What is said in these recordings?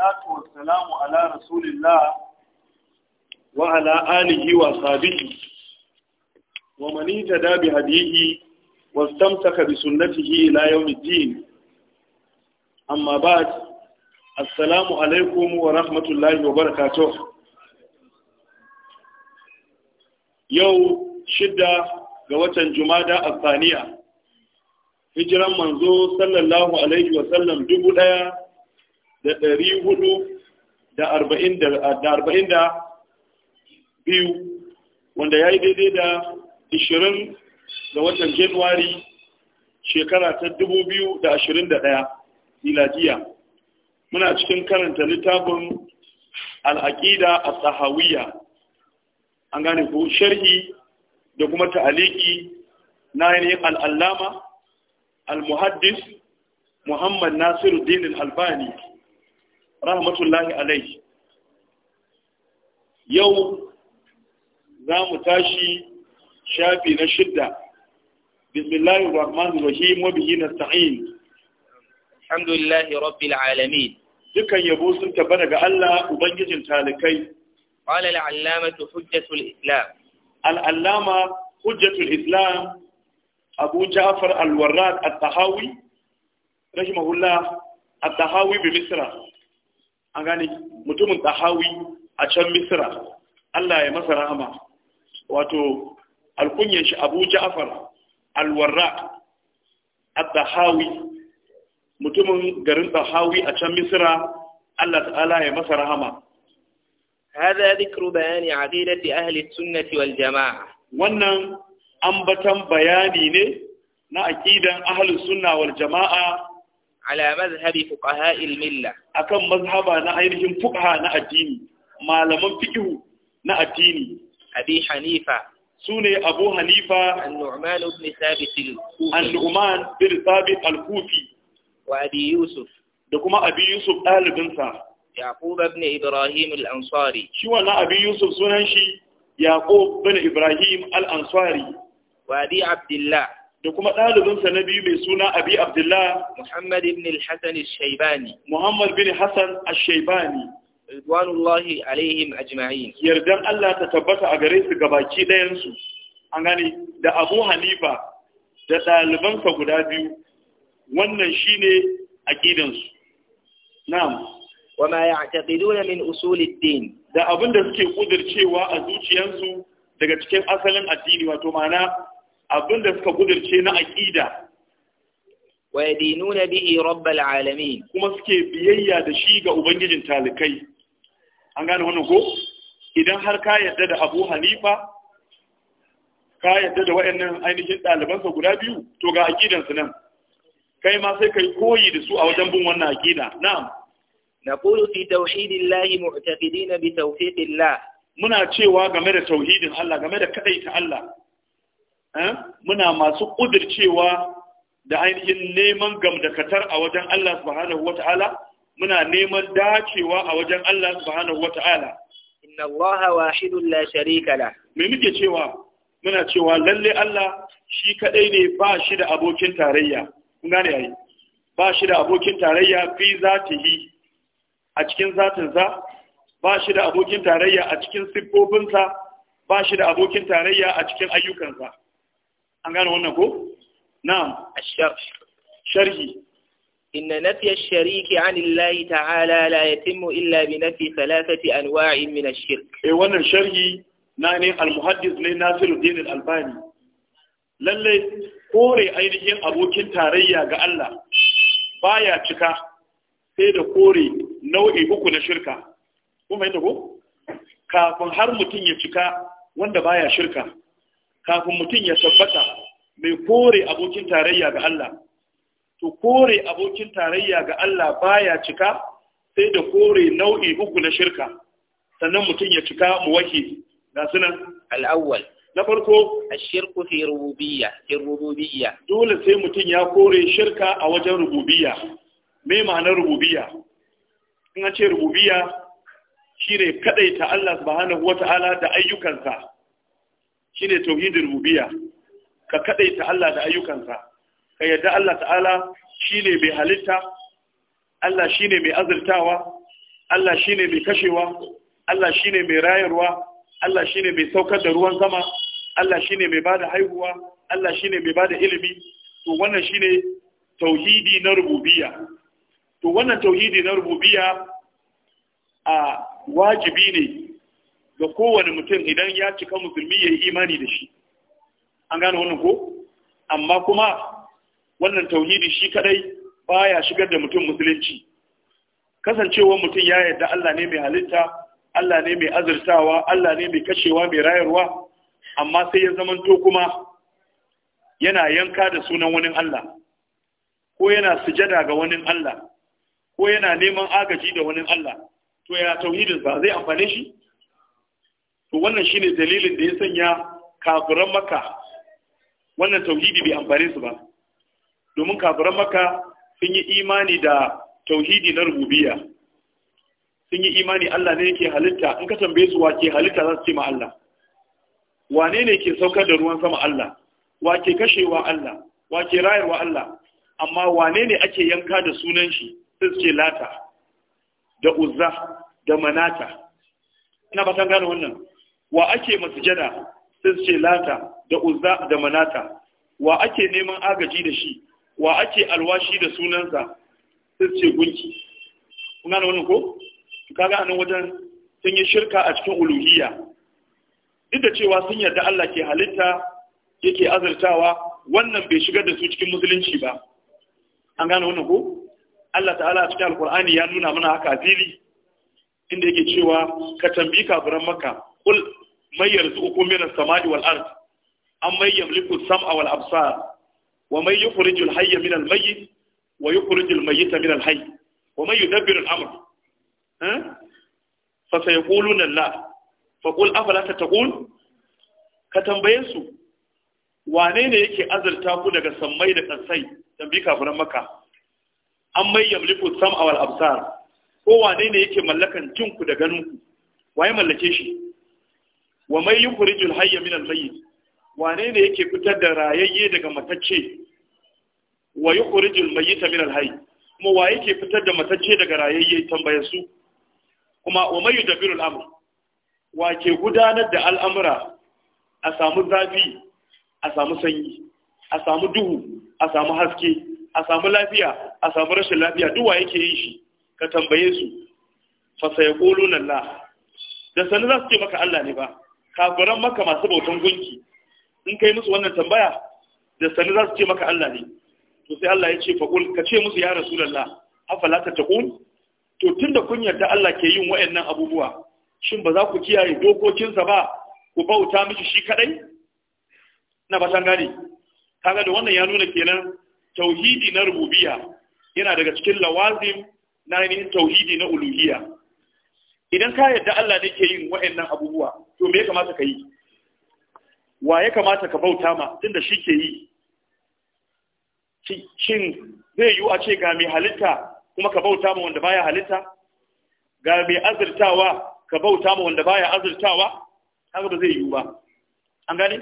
salatu wa salamu ala rasulillah wa ala alihi wa sahbihi wa man ittaba bi hadihi wa stamtaka bi sunnatihi ila yawmiddin amma ba'd assalamu alaikum wa rahmatullahi wa barakatuh yau shidda ga watan jumada a hijran hijiran manzo sallallahu alaihi wa sallam" dubu ɗaya da ɗari hudu da arba'in da biyu wanda ya yi daidai da ishirin ga watan januwari shekara ta dubu biyu da ashirin da ɗaya miladiya muna cikin karanta littafin al'aƙida a asahawiya. an gane ko sharhi da kuma ta'aliki na yanayin al'allama al-muhaddis muhammad nasiru dinin albani rahmatullahi Alai, yau za mu tashi shafi na shidda bismillahir rahmanir rahim wa bihi nasta'in alhamdulillahi rabbil alamin dukan yabo sun taba daga Allah ubangijin talikai qala al-allamatu hujjatul islam al-allama hujjatul islam abu ja'far al-warraq at-tahawi bi an gane mutumin tahawi a can Misira, Allah ya masa rahama wato alkunyan shi abu ja'far alwarra at-tahawi mutumin garin tahawi a can Misira, Allah ta'ala ya masa rahama هذا ذكر بيان عقيدة أهل السنة والجماعة wannan ambatan bayani ne na aqidan ahlus sunna wal ala mazhabi fuqaha al-milla akan mazhaba na ainihin fukaha na addini malaman fiqh na addini abi hanifa sune abu hanifa an-nu'man ibn thabit al-kufi an-nu'man ibn thabit al wa abi yusuf da kuma abi yusuf ɗalibinsa yaqub ibn ibrahim al-ansari shi wannan abi yusuf sunan shi yaqub ibn ibrahim al-ansari wa abi abdullah da kuma ɗalibinsa na biyu mai suna abi abdullah muhammad ibn al-hasan al-shaybani muhammad bin hasan al-shaybani ridwanullahi alaihim ajma'in yardan Allah ta tabbata a gare su gabaki ɗayan su an gani da abu hanifa da ɗalibansa guda biyu wannan shine aqidan su na'am wama ya'taqiduna min usul ad-din da abinda suke kudircewa a zuciyarsu daga cikin asalin addini wato ma'ana abin da suka gudurce na aƙida wa yadinuna bihi rabbal alamin kuma suke biyayya da shi ga ubangijin talikai an gane wannan ko idan har ka yarda da Abu Hanifa ka yarda da wayannan ainihin ɗalibansa guda biyu to ga aƙidansu nan kai ma sai kai koyi da su a wajen bin wannan aqida na'am naqulu fi tauhidillahi mu'taqidina bi tawfiqillah muna cewa game da tauhidin Allah game da kadaita Allah Eh? muna masu ƙudircewa da ainihin neman gamdakatar a wajen Allah subhanahu ta'ala muna neman dacewa a wajen Allah subhanahu ta'ala inna allaha wahidun la sharika la me muke cewa muna cewa lalle Allah shi kadai ne ba shi da abokin tarayya kun gane yayi ba shi da abokin tarayya fi zatihi a cikin zatinsa ba shi da abokin tarayya a cikin sa ba shi da abokin tarayya a cikin ayyukansa an gane wannan ko na'am sharhi inna nafiya shariki an ta'ala la yatimmu illa bi nafi thalathati anwa'in min ash-shirk eh wannan sharhi na ne al-muhaddis ne Nasiruddin al-Albani lalle kore ainihin abokin tarayya ga Allah baya cika sai da kore nau'i uku na shirka kuma yadda ko kafin har mutum ya cika wanda baya shirka kafin mutum ya tabbata mai kore abokin tarayya ga Allah to kore abokin tarayya ga Allah baya cika sai da kore nau'i uku na shirka sannan mutum ya cika muwaki ga sunan al-awwal na farko ash-shirku fi rububiyya fi rububiyya dole sai mutum ya kore shirka a wajen rububiyya me ma'anar rububiyya in an ce rububiyya shine kadaita Allah subhanahu wata'ala da ayyukansa shine tauhidin rububiyya ka kadaita Allah da ayyukansa ka yadda Allah ta'ala shine mai halitta Allah shine mai azurtawa Allah shine mai kashewa Allah shine mai rayarwa Allah shine mai saukar da ruwan sama Allah shine mai bada haihuwa Allah shine mai bada ilimi to wannan shine tauhidi na rububiyya to wannan tauhidi na rububiyya a wajibi ne ga kowane mutum idan ya cika musulmi ya yi imani da shi an gane wannan ko amma kuma wannan tauhidi shi kadai baya shigar da mutum musulunci kasancewar mutum ya yarda Allah ne mai halitta Allah ne mai azurtawa Allah ne mai kashewa mai rayarwa amma sai ya zamanto kuma yana yanka da sunan wani Allah ko yana sujada ga wani Allah ko yana neman agaji da wani Allah to ya tauhidin ba zai amfane shi to wannan shine dalilin da ya sanya kafiran maka wannan tauhidi bai amfane su ba domin kafiran maka sun yi imani da tauhidi na rububiyya sun yi imani Allah ne yake halitta in ka tambaye su wake halitta za su ce ma Allah wane ne ke saukar da ruwan sama Allah wake kashewa Allah wake rayarwa Allah amma wane ne ake yanka da sunan shi sai su ce lata da uzza da manata ina ba gane wannan wa ake masujada sai su ce lata da uzza da manata wa ake neman agaji da shi wa ake alwashi da sunansa sai su ce gunki Kuna da wannan ko kaga anan wajen sun yi shirka a cikin uluhiyya duk da cewa sun yarda Allah ke halitta yake azurtawa wannan bai shigar da su cikin musulunci ba an gane wannan ko Allah ta'ala a cikin alqur'ani ya nuna mana haka fili inda yake cewa ka tambi kafiran makka kul may yarzuqukum min as-sama'i wal ard am may yamliku as-sam'a wal absar wa may yukhriju al-hayya min al-mayyit wa yukhriju al-mayyita min al-hayy wa may yudabbiru al-amr ha fa sayaquluna la fa qul afala tattaqun ka tambaye su wane ne yake azurta ku daga sammai da kansai tambi kafiran makka an mai yamliku sam'a wal absar ko wane ne yake mallakan jinku da ganinku waye mallake shi wa mai kurijin hayya min al mayyit wane ne yake fitar da rayayye daga matacce wa yukhrijul mayyita min al hayi kuma wa yake fitar da matacce daga rayayye tambayar su kuma wa mai yi al amr wa ke gudanar da al'amura a samu zafi a samu sanyi a samu duhu a samu haske a samu lafiya a samu rashin lafiya duwa yake yin shi ka tambaye su fasa ya ƙolo nan la da sani za su ce maka Allah ne ba kafiran maka masu bautan gunki in kai musu wannan tambaya da sani za su ce maka Allah ne to sai Allah ya ce faƙul ka ce musu ya rasulullah afala ta taqul to tunda kun yarda Allah ke yin wayannan abubuwa shin ba za ku kiyaye dokokinsa ba ku bauta miki shi kadai na ba san gani kaga da wannan ya nuna kenan tauhidi na rububiyya yana daga cikin lawazim na ainihin tauhidi na uluhiyya idan ka yarda Allah ne ke yin wa'annan abubuwa to me ya kamata ka yi wa ya kamata ka bauta ma tunda shi ke yi shin zai yiwu a ce ga mai halitta kuma ka bauta ma wanda baya halitta ga mai azurtawa ka bauta ma wanda baya azurtawa haka ba zai yiwu ba an gane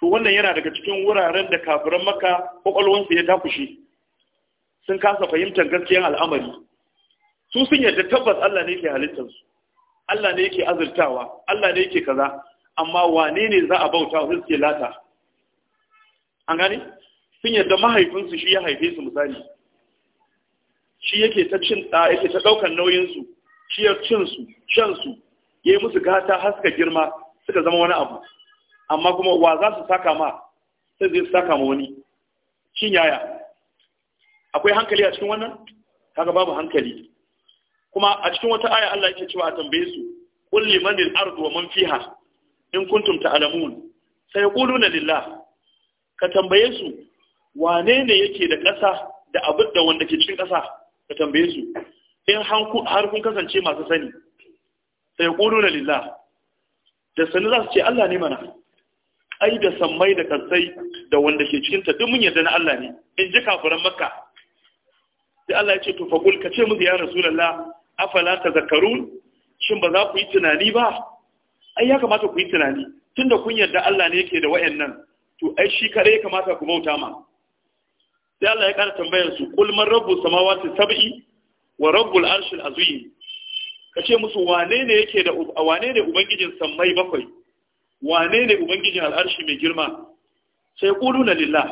to wannan yana daga cikin wuraren da kafiran maka kwakwalwansu ya takushe sun kasa fahimtar gaskiyan al'amari su sun yadda tabbas Allah ne ke halittarsu Allah ne yake azurtawa Allah ne yake kaza amma wane ne za a bauta wa suke lata an gane sun yadda mahaifinsu shi ya haife su misali shi yake ta cin yake ta daukan nauyinsu shi ya cin su shan su yayi musu gata har suka girma suka zama wani abu amma kuma wa za su saka ma sai zai saka ma wani shin yaya akwai hankali a cikin wannan kaga babu hankali kuma a cikin wata aya Allah yake cewa a tambaye su qul limanil ardu wa man fiha in kuntum ta'lamun sai yaquluna lillah ka tambaye su wane ne yake da ƙasa da abin da wanda ke cikin ƙasa ka tambaye su in har kun kasance masu sani sai yaquluna lillah da sani za su ce Allah ne mana ai da sammai da kansai da wanda ke cikin ta duk mun yarda na Allah ne in ji kafiran makka sai Allah ya ce to faqul ka ce mu ya rasulullah afala Zakarun, shin ba za ku yi tunani ba ai ya kamata ku yi tunani tunda kun yarda Allah ne yake da wayannan to ai shi kare ya kamata ku bauta ma sai Allah ya kara tambayar su qul man rabbu samawati sab'i wa rabbul arshil azim kace musu wane ne yake da wane ne ubangijin sammai bakwai wane ne ubangijin al'arshi mai girma sai quluna lillah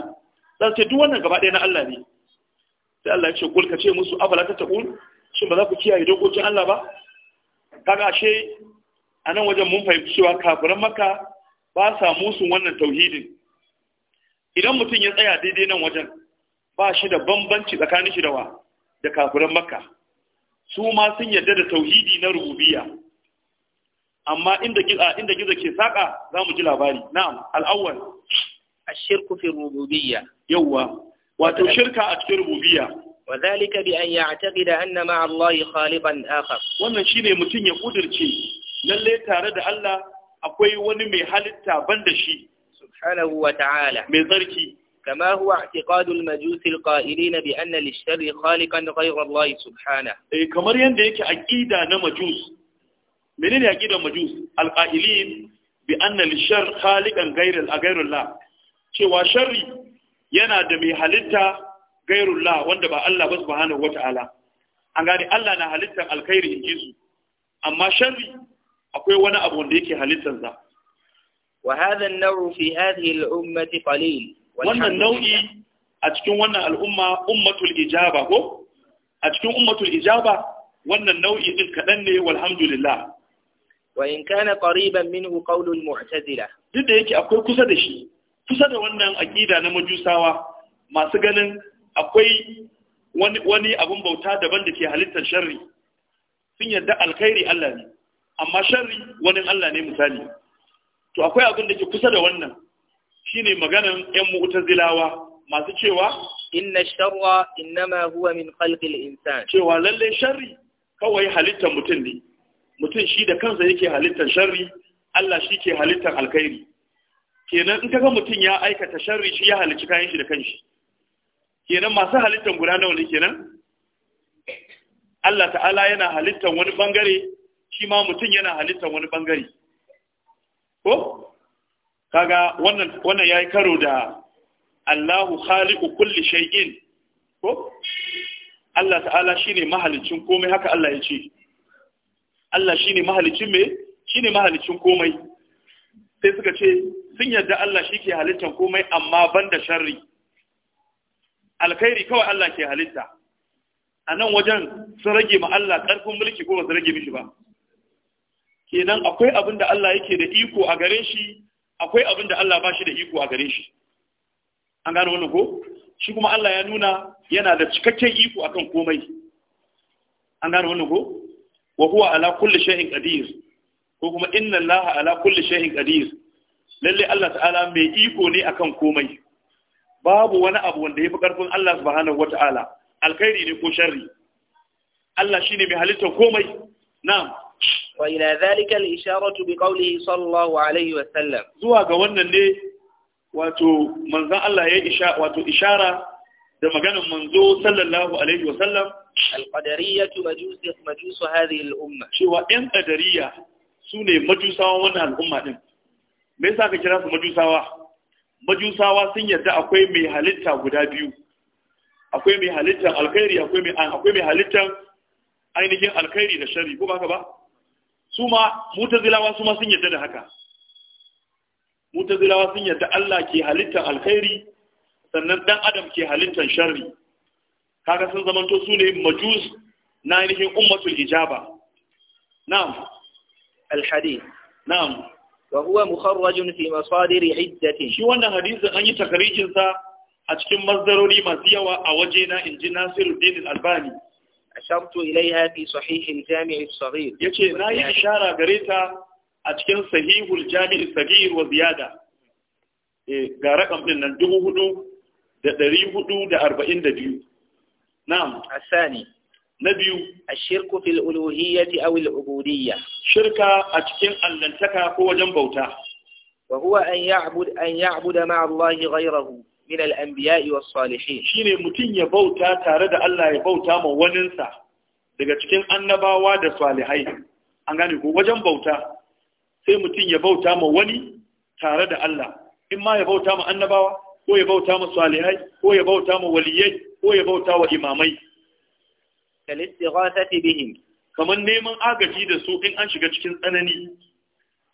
dan sai duk wannan gaba ɗaya na Allah ne sai Allah ya ce qul kace musu afala ta taqul shin ba za ku kiyaye dokokin Allah ba kaga ashe a nan wajen mun fahimci cewa kafiran maka ba sa musun wannan tauhidin idan mutum ya tsaya daidai nan wajen ba shi da bambanci tsakanin shi da wa da kafiran makka su ma sun yarda da tauhidi na rububiyya amma inda giza inda giza ke saka za mu ji labari na'am al'awwal ashirku fi rububiyya yawa wato shirka a cikin rububiyya Wazalika bi an da anna ma'a Allah khaliqan akhar wannan shine mutun ya kudirce lalle tare da Allah akwai wani mai halitta banda shi subhanahu wa ta'ala mai tsarki كما هو اعتقاد المجوس القائلين بأن للشر خالقا غير الله سبحانه إيه كمر يندك أكيدا نمجوس منين أكيدا مجوس القائلين بأن للشر خالقا غير غير الله شوى Yana da mai halitta. gairullah wanda ba Allah ba subhanahu wata'ala an gane Allah na halittar alkhairi in ji su amma sharri akwai wani abu wanda yake halittar za. wa hadha an-nawr fi hadhihi al-ummati qalil wannan nau'i a cikin wannan al'umma ummatul ijaba ko a cikin ummatul ijaba wannan nau'i din kadan ne walhamdulillah wa in kana qariban minhu qawlul mu'tazila duk da yake akwai kusa da shi kusa da wannan aqida na majusawa masu ganin akwai wani abun bauta daban da ke halittar sharri sun yadda alkhairi Allah ne amma sharri wani Allah ne misali to akwai abin da ke kusa da wannan shine maganan yan mu'tazilawa masu cewa inna sharra innama huwa min khalqil insan cewa lalle sharri kawai halittar mutum ne mutum shi da kansa yake halittar sharri Allah shi ke halittar alkhairi kenan in kaga mutum ya aikata sharri shi ya halicci kayan shi da kanshi kenan masu halittar guda nawa ne kenan Allah ta'ala yana halittar wani bangare shi ma mutum yana halittar wani bangare ko kaga wannan wannan yayi karo da Allahu khaliqu kulli shay'in ko Allah ta'ala shine mahalicin komai haka Allah ya ce Allah shine mahalicin me shine mahalicin komai sai suka ce sun yarda Allah shi ke halittar komai amma ban da sharri alkhairi kawai Allah ke halitta a nan wajen sun rage ma Allah ƙarfin mulki ko ba su rage mishi ba kenan akwai abin da Allah yake da iko a gare shi akwai abin da Allah ba shi da iko a gare shi an gano wannan ko shi kuma Allah ya nuna yana da cikakken iko akan komai an gano wannan ko wa huwa ala kulli shay'in qadir ko kuma inna Allah ala kulli shay'in qadir lalle Allah ta'ala mai iko ne akan komai babu wani abu wanda ya fi ƙarfin Allah subhanahu wata'ala alkhairi ne ko sharri Allah shine mai halitta komai na'am wa ila zalika al-isharatu bi qawlihi sallallahu Alayhi wa sallam zuwa ga wannan ne wato manzon Allah ya isha wato ishara da maganar manzo sallallahu alaihi wa sallam al-qadariyatu majus majus hadhihi al-umma cewa ɗan qadariya sune majusawa wannan al'umma din me yasa ka kira su majusawa majusawa sun yarda akwai mai halitta guda biyu akwai mai halittar alkhairi akwai mai akwai mai halittar ainihin alkhairi da shari ko baka ba su ma mutazilawa su ma sun yarda da haka mutazilawa sun yarda Allah ke halittar alkhairi sannan dan adam ke halittar shari kaga sun zamanto su ne majus na ainihin ummatul ijaba na'am al-hadith na'am فهو مخرج في مصادر عدة Shi wannan hadisin an yi takarijin sa a cikin masdarori masu yawa a waje na inji Nasiruddin Albani albami. ilaiha fi sahih al-jami' al-saghir yace yi ishara gare ta a cikin sahihul jami' al-saghir wa ziyada eh ga rakam din nan 4442 na'am asani na biyu a ashirku fil uluhiyyati aw al ubudiyya shirka a cikin allantaka ko wajen bauta wa huwa an ya'bud an ya'buda ma'a Allah ghayrahu min al anbiya'i was salihin shine mutun ya bauta tare da Allah ya bauta ma waninsa daga cikin annabawa da salihai an gane ko wajen bauta sai mutun ya bauta ma wani tare da Allah in ma ya bauta ma annabawa ko ya bauta ma salihai ko ya bauta ma waliyai ko ya bauta wa imamai kalistighathati neman agaji da su in an shiga cikin tsanani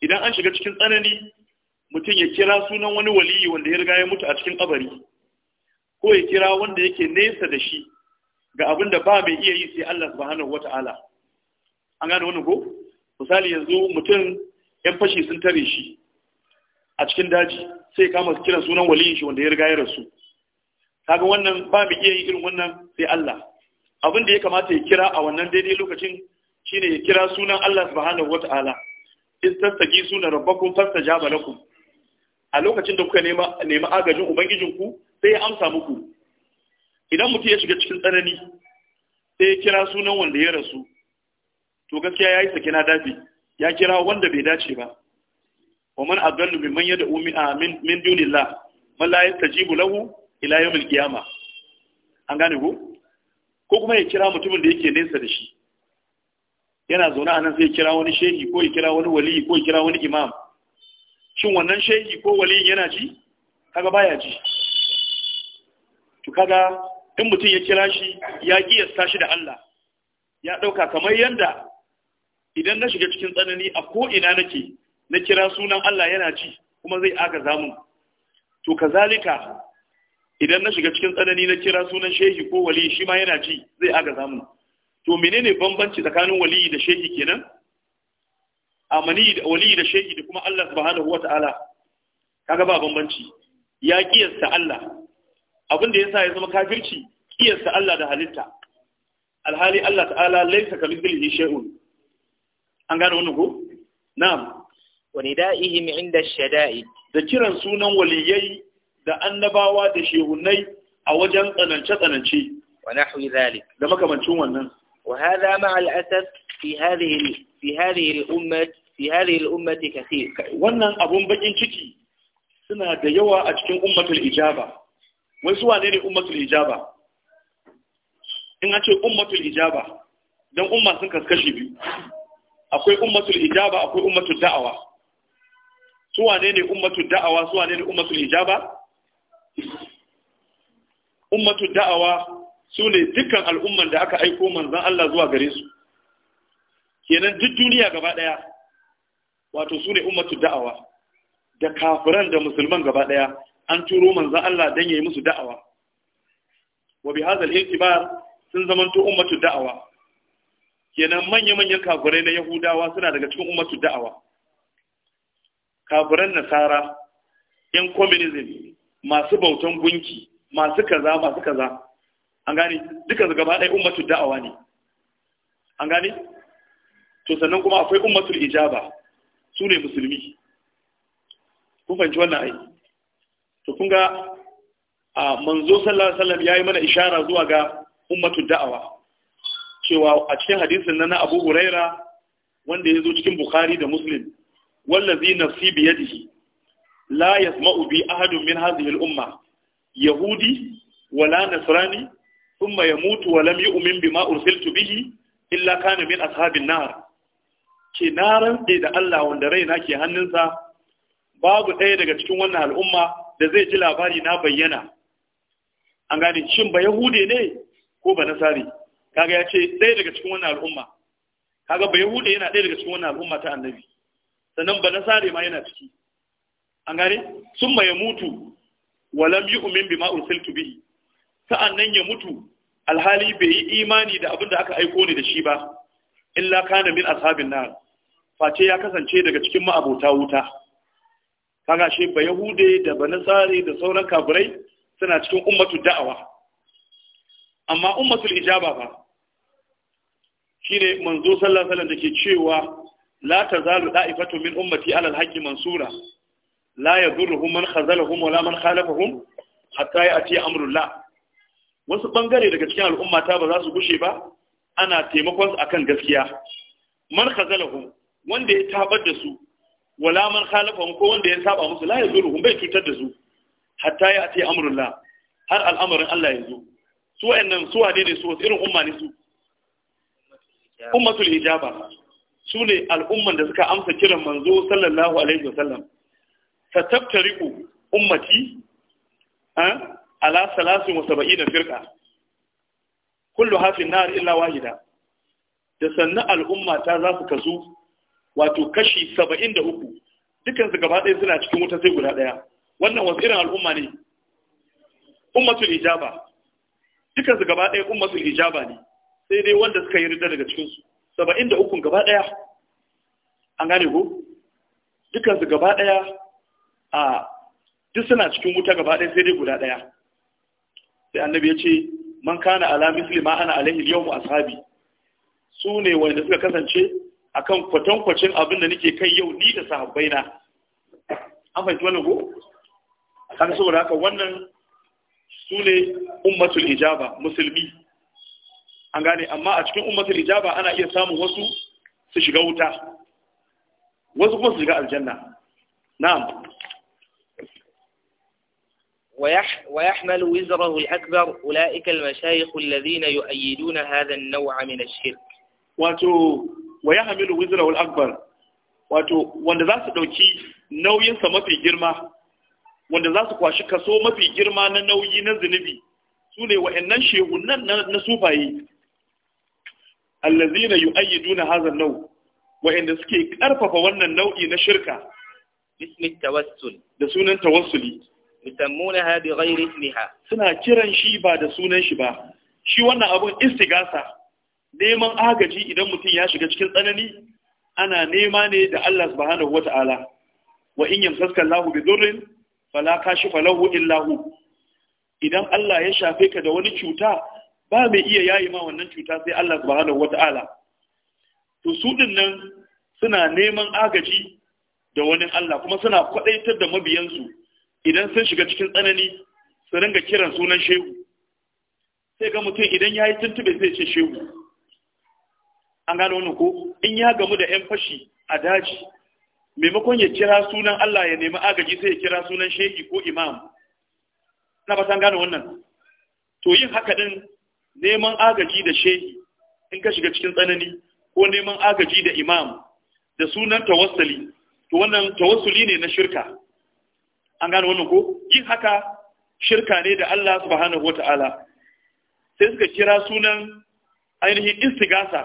idan an shiga cikin tsanani mutum ya kira sunan wani waliyi wanda ya riga ya mutu a cikin kabari ko ya kira wanda yake nesa da shi ga abin da ba mai iya yi sai Allah subhanahu wata'ala an gane wani ko misali yanzu mutum yan fashi sun tare shi a cikin daji sai kama kira sunan waliyin shi wanda ya riga ya rasu kaga wannan ba mai iya yin irin wannan sai Allah abin da ya kamata ya kira a wannan daidai lokacin shine ya kira sunan Allah subhanahu Ta'ala istastagi suna rabbakum fasta lakum a lokacin da kuka nema agajin agajin ubangijinku sai ya amsa muku idan mutum ya shiga cikin tsanani sai ya kira sunan wanda ya rasu to gaskiya ya yi yayi na dafi ya kira wanda bai dace ba wa man adallu mimman yad'u min amin ah, min dunillah man la yastajibu lahu ila yawmil qiyamah an gane ko ko kuma ya kira mutumin da yake nesa da shi yana zaune a nan sai ya kira wani shehi ko ya kira wani wali ko ya kira wani imam shin wannan shehi ko waliyin yana ji kaga baya ji to kaga in mutum ya kira shi ya giyasta shi da Allah ya dauka kamar yanda idan na shiga cikin tsanani a ko ina nake na kira sunan Allah yana ji kuma zai agaza mun to kazalika idan na shiga cikin tsanani na kira sunan shehi ko wali shi ma yana ji zai aga zamu to menene bambanci tsakanin wali da shehi kenan amani da wali da shehi da kuma Allah subhanahu wataala kaga ba bambanci ya kiyasta Allah abin da yasa ya zama kafirci kiyasta Allah da halitta alhali Allah ta'ala laysa kamithlihi shay'un an gane wannan ko na'am wa nida'ihim inda shada'i da kiran sunan waliyai da annabawa da shehunai a wajen tsanance-tsanance da makamancin wannan وهذا مع الأسف في هذه في هذه الأمة في هذه الأمة كثير wannan abun bakin ciki suna da yawa a cikin ummatul ijaba wai su wane ne ummatul ijaba in a ce ummatul ijaba dan umma sun kaskashi biyu akwai ummatul ijaba akwai ummatul da'awa su wane ne ummatul da'awa su wane ne ummatul ijaba ummatu da'awa su ne dukkan al'umman da aka aiko manzan Allah zuwa gare su kenan duk duniya gaba ɗaya wato su ne ummatu da'awa da kafiran da musulman gaba ɗaya an turo manzan Allah dan ya yi musu da'awa wa bi hazal itibar sun zamanto ummatu da'awa kenan manya-manyan kafirai na yahudawa suna daga cikin ummatu da'awa kafiran nasara yan communism masu bautan gunki masu kaza masu kaza an gane duka gaba ɗaya ummatul da'awa ne an gane to sannan kuma akwai ummatul ijaba su ne musulmi kun fahimci wannan ai to kun ga a manzo sallallahu alaihi wasallam yayi mana ishara zuwa ga ummatul da'awa cewa a cikin hadisin nan na Abu Huraira wanda ya zo cikin Bukhari da Muslim wallazi nafsi yadihi la yasma'u bi ahadun min hadhihi al-umma yahudi wala nasrani thumma yamutu wa lam yu'min bima ursiltu bihi illa kana min nar ke na rantse da Allah wanda raina ke hannunsa babu ɗaya daga cikin wannan al'umma da zai ji labari na bayyana an gane shin ba yahude ne ko ba na tsari? kaga ya ce ɗaya daga cikin wannan al'umma kaga ba yahude yana ɗaya daga cikin wannan al'umma ta annabi sannan ba na tsari ma yana ciki an gane sun ya mutu walam yi umin bima ursiltu bihi nan ya mutu alhali bai yi imani da abin da aka aiko ni da shi ba illa kana min ashabin nar face ya kasance daga cikin ma'abota wuta kaga shi ba yahude da banasare da sauran kafirai suna cikin ummatu da'awa amma ummatul ijaba ba shine manzo sallallahu alaihi wasallam dake cewa la tazalu da'ifatu min ummati alal haqqi mansura la yadurruhum man khazalahum wala man khalafahum hatta ya'ti amrullah wasu ɓangare daga cikin al'umma ta ba za su gushe ba ana taimakon su akan gaskiya man khazalahum wanda ya tabar da su wala man khalafahum ko wanda ya saba musu la yadurruhum bai cutar da su hatta ya'ti amrullah har al'amarin Allah ya zo su wa'annan su wane ne su wasu irin umma ne su ummatul hijaba su ne al'umman da suka amsa kiran manzo sallallahu alaihi wasallam tattaftariku ummati ala salasin wa saba'ina firqa kullu hafin nar illa wahida da sannan al'umma ta za su kasu wato kashi 73 dukan su gaba ɗaya suna cikin wuta sai guda ɗaya wannan wasu irin al'umma ne ummatul ijaba dukan su gaba ɗaya ummatul ijaba ne sai dai wanda suka yi ridda daga cikin su 73 gaba ɗaya an gane ko dukan su gaba ɗaya a duk suna cikin wuta gaba ɗaya sai dai guda ɗaya sai annabi ya ce man kana ala misli ma ana alaihi yawmu ashabi su ne wanda suka kasance akan kwatankwacin abin da nake kai yau ni da sahabbai na an fahimci wannan ko kan saboda haka wannan su ne ummatul ijaba musulmi an gane amma a cikin ummatul ijaba ana iya samun wasu su shiga wuta wasu kuma su shiga aljanna na'am ويح ويحمل وزره الأكبر أولئك المشايخ الذين يؤيدون هذا النوع من الشرك واتو ويحمل وزره الأكبر wato wanda za su ɗauki nauyinsa mafi girma wanda za su kwashi kaso mafi girma na nauyi na zunubi su ne wa'annan shehunan na sufaye allazina yu'ayyiduna hadha an-naw wa'anda suke ƙarfafa wannan nau'i na shirka bismi da sunan tawassuli yusammunaha bi ismiha suna kiran shi ba da sunan shi ba shi wannan abun istigasa neman agaji idan mutum ya shiga cikin tsanani ana nema ne da Allah subhanahu wata'ala wa in yamsaka Allahu bi dhurrin fala kashifa lahu illa hu idan Allah ya shafe ka da wani cuta ba mai iya yayi ma wannan cuta sai Allah subhanahu wata'ala to su dinnan suna neman agaji da wani Allah kuma suna kwadaitar da mabiyansu idan sun shiga cikin tsanani su ringa kiran sunan shehu sai ga mutum idan ya yi tuntube zai ce shehu an gano wani ko in ya gamu da 'yan fashi a daji maimakon ya kira sunan Allah ya nemi agaji sai ya kira sunan shehi ko imam na ba gano wannan to yin haka din neman agaji da shehi in ka shiga cikin tsanani ko neman agaji da imam da sunan tawassuli to wannan tawassuli ne na shirka an gane wannan ko yin haka shirka ne da Allah subhanahu wata'ala sai suka kira sunan ainihin istigasa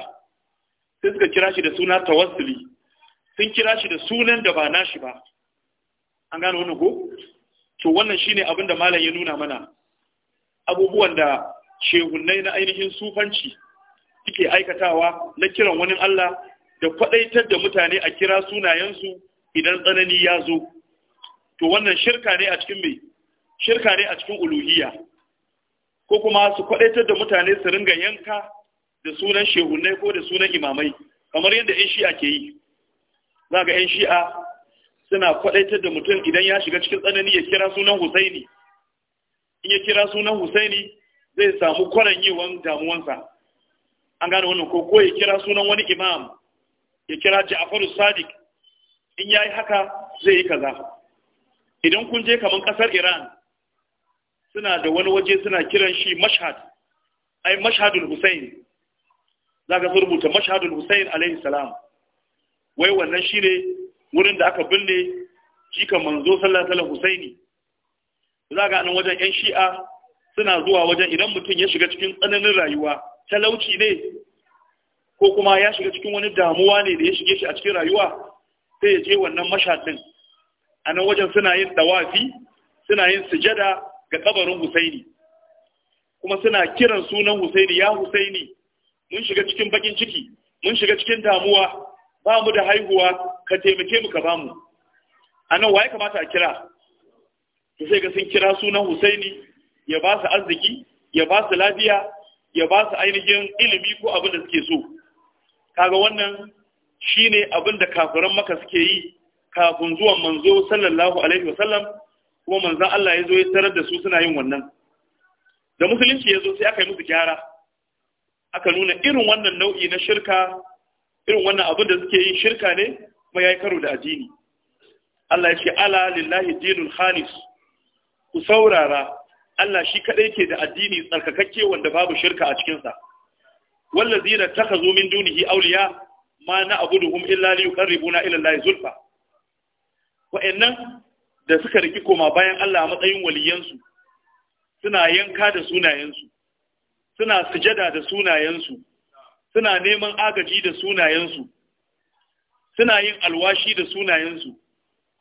sai suka kira shi da suna tawassuli sun kira shi da sunan da ba nashi ba an gane wannan ko to wannan shine abin da malam ya nuna mana abubuwan da shehunnai na ainihin sufanci suke aikatawa na kiran wani Allah da kwadaitar da mutane a kira sunayensu idan tsanani ya zo to wannan shirka ne a cikin mai shirka ne a cikin uluhiyya ko kuma su kwadaitar da mutane su ringa yanka da sunan shehunai ko da sunan imamai kamar yadda 'yan shi'a ke yi za ga 'yan shi'a suna kwadaitar da mutum idan ya shiga cikin tsanani ya kira sunan husaini in ya kira sunan husaini zai samu wani damuwansa an gane wannan ko ko ya kira sunan wani imam ya kira ja'faru sadiq in yayi haka zai yi kaza idan kun je kamar kasar Iran suna da wani waje suna kiran shi Mashad, ai mashhadul Hussein zaka su rubuta mashhadul Hussein alaihi salam wai wannan shine wurin da aka binne jikan manzo sallallahu alaihi Husaini zaka nan wajen yan Shi'a suna zuwa wajen idan mutum ya shiga cikin tsananin rayuwa talauci ne ko kuma ya shiga cikin wani damuwa ne da ya shige shi a cikin rayuwa sai ya je wannan Mashad din a nan wajen suna yin dawafi suna yin sujada ga kabarin Husaini kuma suna kiran sunan Husaini ya Husaini mun shiga cikin bakin ciki mun shiga cikin damuwa ba mu da haihuwa ka taimake mu ka ba mu a nan waye kamata a kira to sai ga sun kira sunan Husaini ya ba su arziki ya ba su lafiya ya ba su ainihin ilimi ko abin da suke so kaga wannan shine abin da kafiran maka suke yi kafin zuwan manzo sallallahu alaihi wasallam kuma manzan Allah ya zo ya tarar da su suna yin wannan da musulunci ya zo sai aka yi musu gyara aka nuna irin wannan nau'i na shirka irin wannan abin da suke yi shirka ne kuma ya yi karo da addini Allah ya ce ala lillahi dinul khalis ku saurara Allah shi kadai ke da addini tsarkakakke wanda babu shirka a cikin sa wallazina takhazu min dunihi awliya ma na abuduhum illa liyuqarribuna ila allahi zulfa wa'annan da suka riki koma bayan Allah a matsayin waliyansu suna yanka da sunayensu suna sujada da sunayensu suna neman agaji da sunayensu suna yin alwashi da sunayensu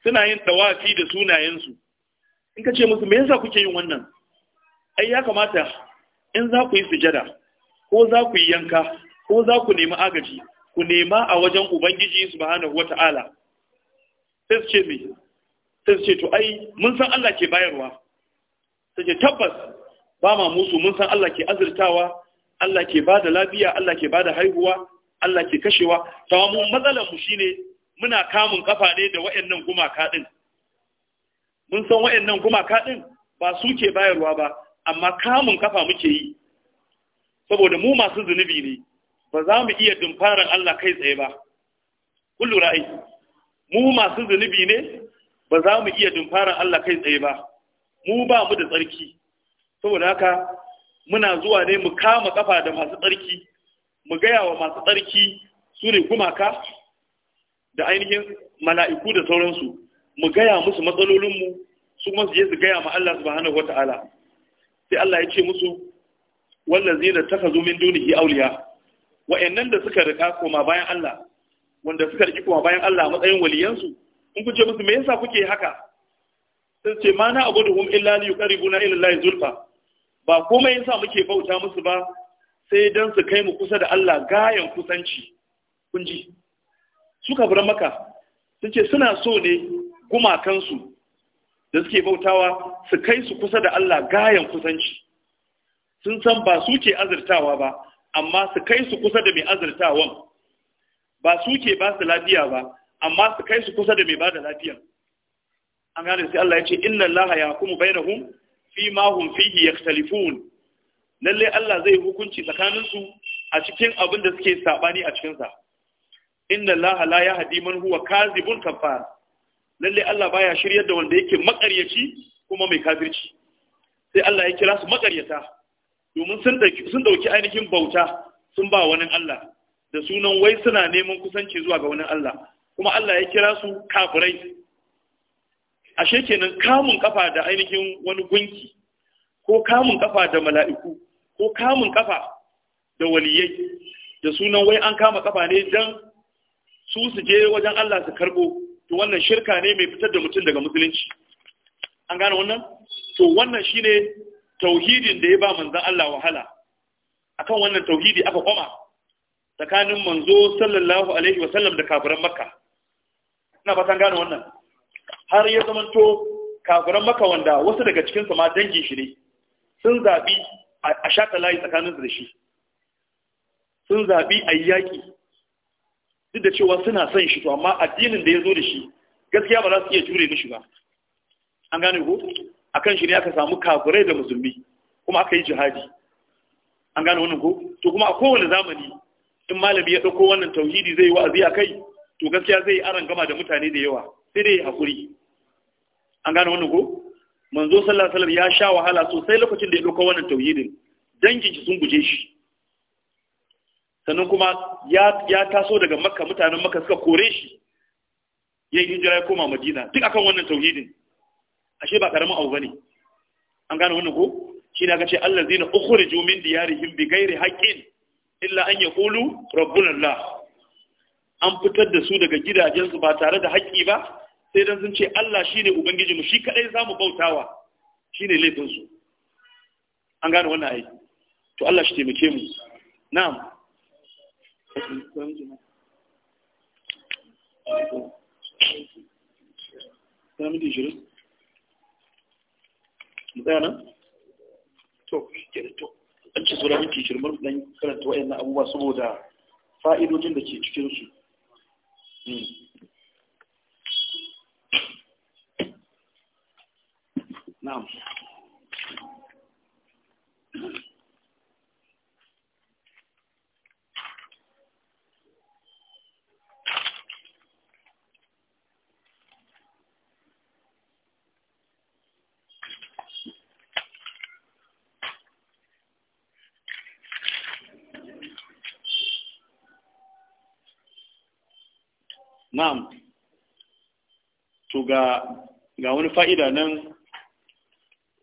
suna yin tawafi da sunayensu in ka ce musu me yasa kuke yin wannan ai ya kamata in za ku yi sujada ko za ku yi yanka ko za ku nemi agaji ku nema a wajen ubangiji subhanahu wata'ala sai su ce mai sai su ce to ai mun san Allah ke bayarwa sai ce tabbas ba ma musu mun san Allah ke azurtawa Allah ke ba da lafiya Allah ke ba da haihuwa Allah ke kashewa tawa mu matsalar mu shine muna kamun kafa ne da wayannan gumaka din mun san wayannan gumaka din ba su ke bayarwa ba amma kamun kafa muke yi saboda mu masu zunubi ne ba za mu iya dumfarar Allah kai tsaye ba kullu ra'ayi mu masu zunubi ne ba za mu iya dumfarar Allah kai tsaye ba mu ba mu da tsarki saboda haka muna zuwa ne mu kama kafa da masu tsarki mu gaya wa masu tsarki su ne gumaka da ainihin mala'iku da sauransu mu gaya musu matsalolinmu su kuma su je su gaya ma Allah subhanahu wata'ala sai Allah ya ce musu wallazina takhazu min dunihi awliya wa'annan da suka rika koma bayan Allah wanda suka riki kuma bayan Allah matsayin waliyansu in ku musu me yasa kuke haka sai ce ma na abuduhum illa li yuqribuna ila Allah zulfa ba komai yasa muke bauta musu ba sai dan su kai mu kusa da Allah gayan kusanci kun ji suka bar maka sai ce suna so ne gumakansu da suke bautawa su kai su kusa da Allah gayan kusanci sun san ba su ce azurtawa ba amma su kai su kusa da mai azurtawan ba su ke ba su lafiya ba amma su kai su kusa da mai ba da lafiya an gane sai Allah ya ce inna Allah ya kuma bainahum fi ma hum fihi yakhtalifun lalle Allah zai hukunci tsakanin su a cikin abin da suke sabani a cikin sa inna Allah la yahdi man huwa kazibun kafar lalle Allah baya shiryar da wanda yake makaryaci kuma mai kafirci sai Allah ya kira su makaryata domin sun dauki ainihin bauta sun ba wani Allah da sunan wai suna neman kusanci zuwa ga wani Allah kuma Allah ya kira su kafirai ashe kenan kamun kafa da ainihin wani gunki ko kamun kafa da mala'iku ko kamun kafa da waliyai da sunan wai an kama kafa ne dan su su je wajen Allah su karbo to wannan shirka ne mai fitar da mutum daga musulunci an gane wannan to wannan shine tauhidin da ya ba manzon Allah wahala akan wannan tauhidi aka kwama tsakanin manzo sallallahu alaihi wa sallam da kafiran makka ina ba san gane wannan har ya zamanto kafiran makka wanda wasu daga cikin su ma dangin shi ne sun zabi a shata layi tsakanin su da shi sun zabi a yaƙi. duk da cewa suna son shi to amma addinin da ya zo da shi gaskiya ba za su iya jure mishi ba an gane ko akan shi ne aka samu kafirai da musulmi kuma aka yi jihadi an gane wannan ko to kuma a kowane zamani in malami ya ɗauko wannan tauhidi zai yi wa'azi a kai to gaskiya zai yi aron gama da mutane da yawa sai dai hakuri an gane wannan ko manzo sallallahu alaihi wasallam ya sha wahala sosai lokacin da ya ɗauko wannan tauhidin dangin shi sun guje shi sannan kuma ya taso daga makka mutanen makka suka kore shi ya yi hijira ya koma madina duk akan wannan tauhidin ashe ba karamin abu bane an gane wannan ko shi ne aka ce allazina ukhrijum min diyarihim bighairi haqqin illa an ya kulu rabbunallah an fitar da su daga gidajensu ba tare da haƙƙi ba sai don sun ce Allah shi ne ubangijinmu shi za zamu bautawa shi ne laifinsu. an gane wannan aiki. to Allah shi taimake mu na'am Samun shirin? Mu nan? To, to. an ce sura minti shirmar dan karanta wayannan abubuwa saboda fa'idojin da ke cikin su hmm. na'am نعم تجا جاون فائدة نم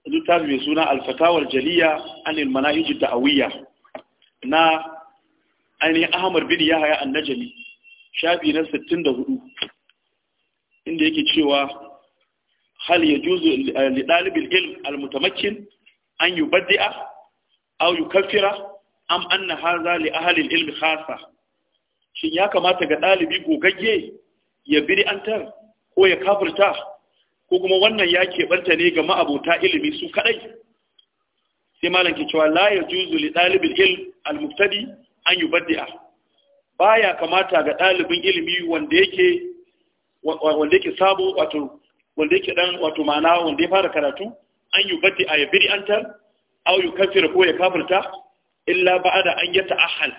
لتابع سنة الفتاوى الجلية عن المناهج الدعوية نا أني أحمر بن يحيى النجمي شافي نفس التندهور عندي كتشوا هل يجوز لطالب العلم المتمكن أن يبدئ أو يكفر أم أن هذا لأهل العلم خاصة شن يا كما تقال بيقو قيه ya biri tar ko ya kafirta ko kuma wannan ya banta ne ga ma'abota ilimi su kaɗai sai malam ke cewa la juzu li ɗalibin ilm al-mubtadi an Ba baya kamata ga ɗalibin ilimi wanda yake wanda yake sabo wato wanda yake dan wato ma'ana wanda ya fara karatu an yubaddi'a ya biri au au kafir ko ya kafirta illa ba'ada an ahal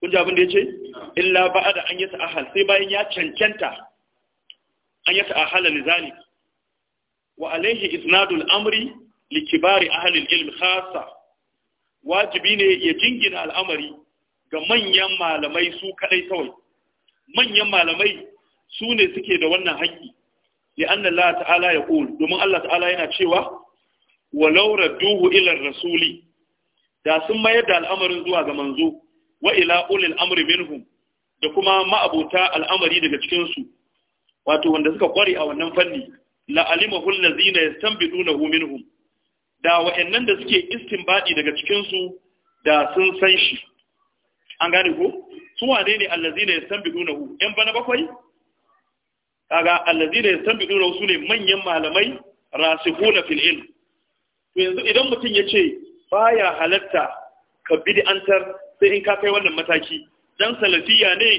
kun ji abin da ya ce illa a da an yi ta'ahal sai bayan ya cancanta an yi ta'ahala li zalik wa alaihi isnadul amri likibari kibari ahli ilmi khasa wajibi ne ya jingina al'amari ga manyan malamai su kadai kawai manyan malamai su ne suke da wannan haƙƙi li'anna Allah ta'ala ya ƙul domin Allah ta'ala yana cewa Wa laura duhu illar rasuli da sun mayar da al'amarin zuwa ga manzo wa ila ulil amri minhum da kuma ma'abuta al'amari daga cikin su wato wanda suka kware a wannan fanni la alimahu allazina yastanbidunahu minhum da wa'annan da suke istinbadi daga cikin su da sun san shi an gane ko su wane ne allazina yastanbidunahu yan bana bakwai kaga allazina yastanbidunahu sune manyan malamai rasikhuna fil ilm to yanzu idan mutum ya ce baya halatta ka bid'antar sai in ka kai wannan mataki dan salafiya ne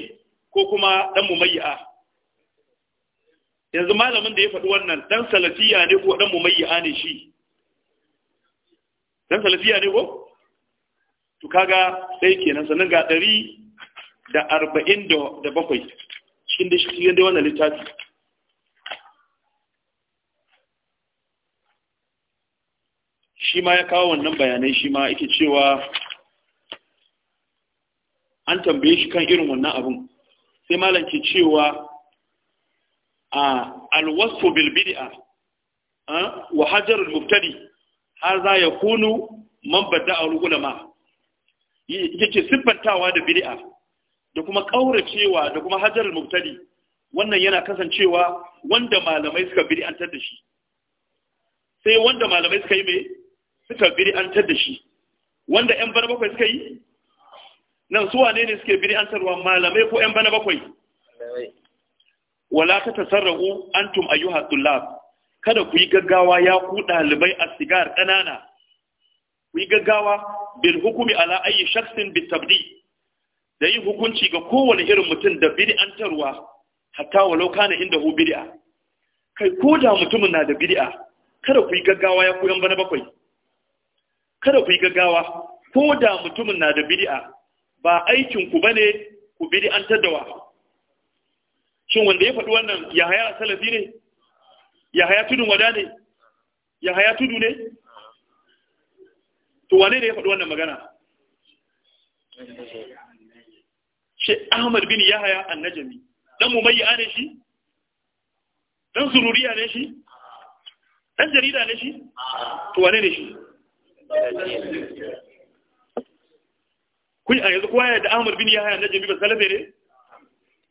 ko kuma dan mumayya yanzu malamin da ya faɗi wannan dan salafiya ne ko dan mumayya ne shi dan salafiya ne ko to kaga sai kenan sanin ga ɗari da arba'in da bakwai cikin da shi wannan littafi shi ma ya kawo wannan bayanai shi ma yake cewa an tambaye shi kan irin wannan abun sai malam ke cewa a alwasu bil wa hajar al za ya kunu man bada'a al ulama yake siffantawa da bid'a da kuma ƙauracewa da kuma hajar al muftari wannan yana kasancewa wanda malamai suka bid'antar da shi sai wanda malamai suka yi mai suka bid'antar da shi wanda 'yan barbakwai suka yi nan su wane ne suke bid'antarwa malamai ko yan bana bakwai wala ta tasarrafu antum ayyuha tullab kada ku yi gaggawa ya ku dalibai a sigar kanana ku yi gaggawa bil hukumi ala ayi shakhsin bit tabdi da yin hukunci ga kowane irin mutum da bid'antarwa hatta walau kana inda hu bid'a kai ko da mutumin na da bid'a kada ku yi gaggawa ya ku 'yan bana bakwai kada ku yi gaggawa ko da mutumin na da bid'a ba aikin ku bane ku bidi an taddawa shin wanda ya faɗi wannan ya haya salafi ne ya haya tudun wada ne ya haya tudu ne to wane ne ya faɗi wannan magana shi ahmad bin yahaya annajami dan mumayya ne shi dan zururiya ne shi dan jarida ne shi to wane ne shi kun a yanzu kowa ya da Ahmad bin Yahya na Jabiba Salafi ne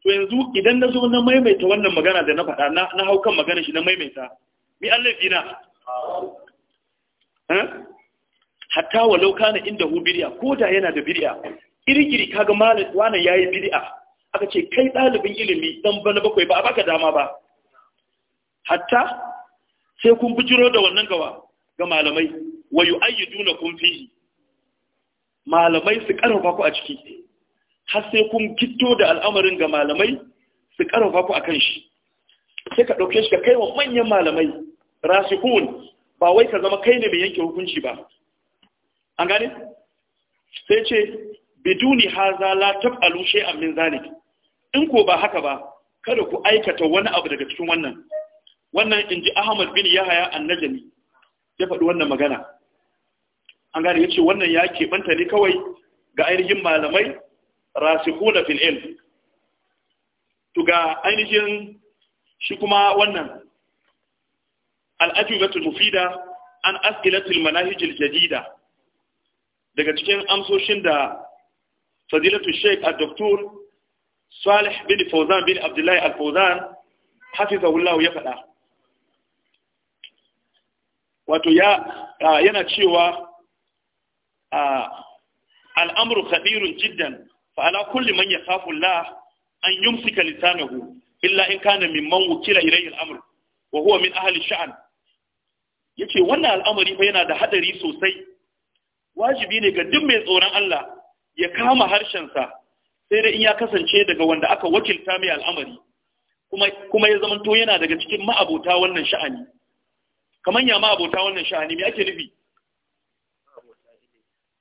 to yanzu idan na zo na maimaita wannan magana da na faɗa na na hau kan magana shi na maimaita mi Allah fi na hatta walau kana inda hu bid'a ko da yana da bid'a irigiri kaga malam wannan yayi bid'a aka ce kai ɗalibin ilimi dan bana bakwai ba a baka dama ba hatta sai kun bijiro da wannan gawa ga malamai wa kun fihi malamai su karfafa ku a ciki har sai kun kito da al'amarin ga malamai su karfafa ku akan shi sai ka dauke shi ka kai wa manyan malamai rasikun ba wai ka zama kai ne mai yanke hukunci ba an gane sai ce biduni haza la taf'alu shay'an min zalik in ko ba haka ba kada ku aikata wani abu daga cikin wannan wannan inji Ahmad bin Yahaya an-Najmi ya faɗi wannan magana an gane yace wannan ya keɓanta ne kawai ga ainihin malamai rasikhuna da ilm to ga ainihin shi kuma wannan al'ajubatul mufida an as'ilatul manahijil jadida daga cikin amsoshin da fadilatul sheik al-doktor salih bin fauzan bin abdullahi al-fauzan hafizahullahu ya faɗa wato ya yana cewa al’amuru khadirun jiddan fa ala kulli man yakhafu Allah an yumsika lisanahu illa in kana mimman wukila ilayhi amur wa huwa min ahli sha'an yace wannan al'amari fa yana da hadari sosai wajibi ne ga duk mai tsoron Allah ya kama harshensa sai dai in ya kasance daga wanda aka wakilta mai al'amari kuma ya zamanto yana daga cikin ma'abota wannan sha'ani kaman ya ma'abota wannan sha'ani me ake nufi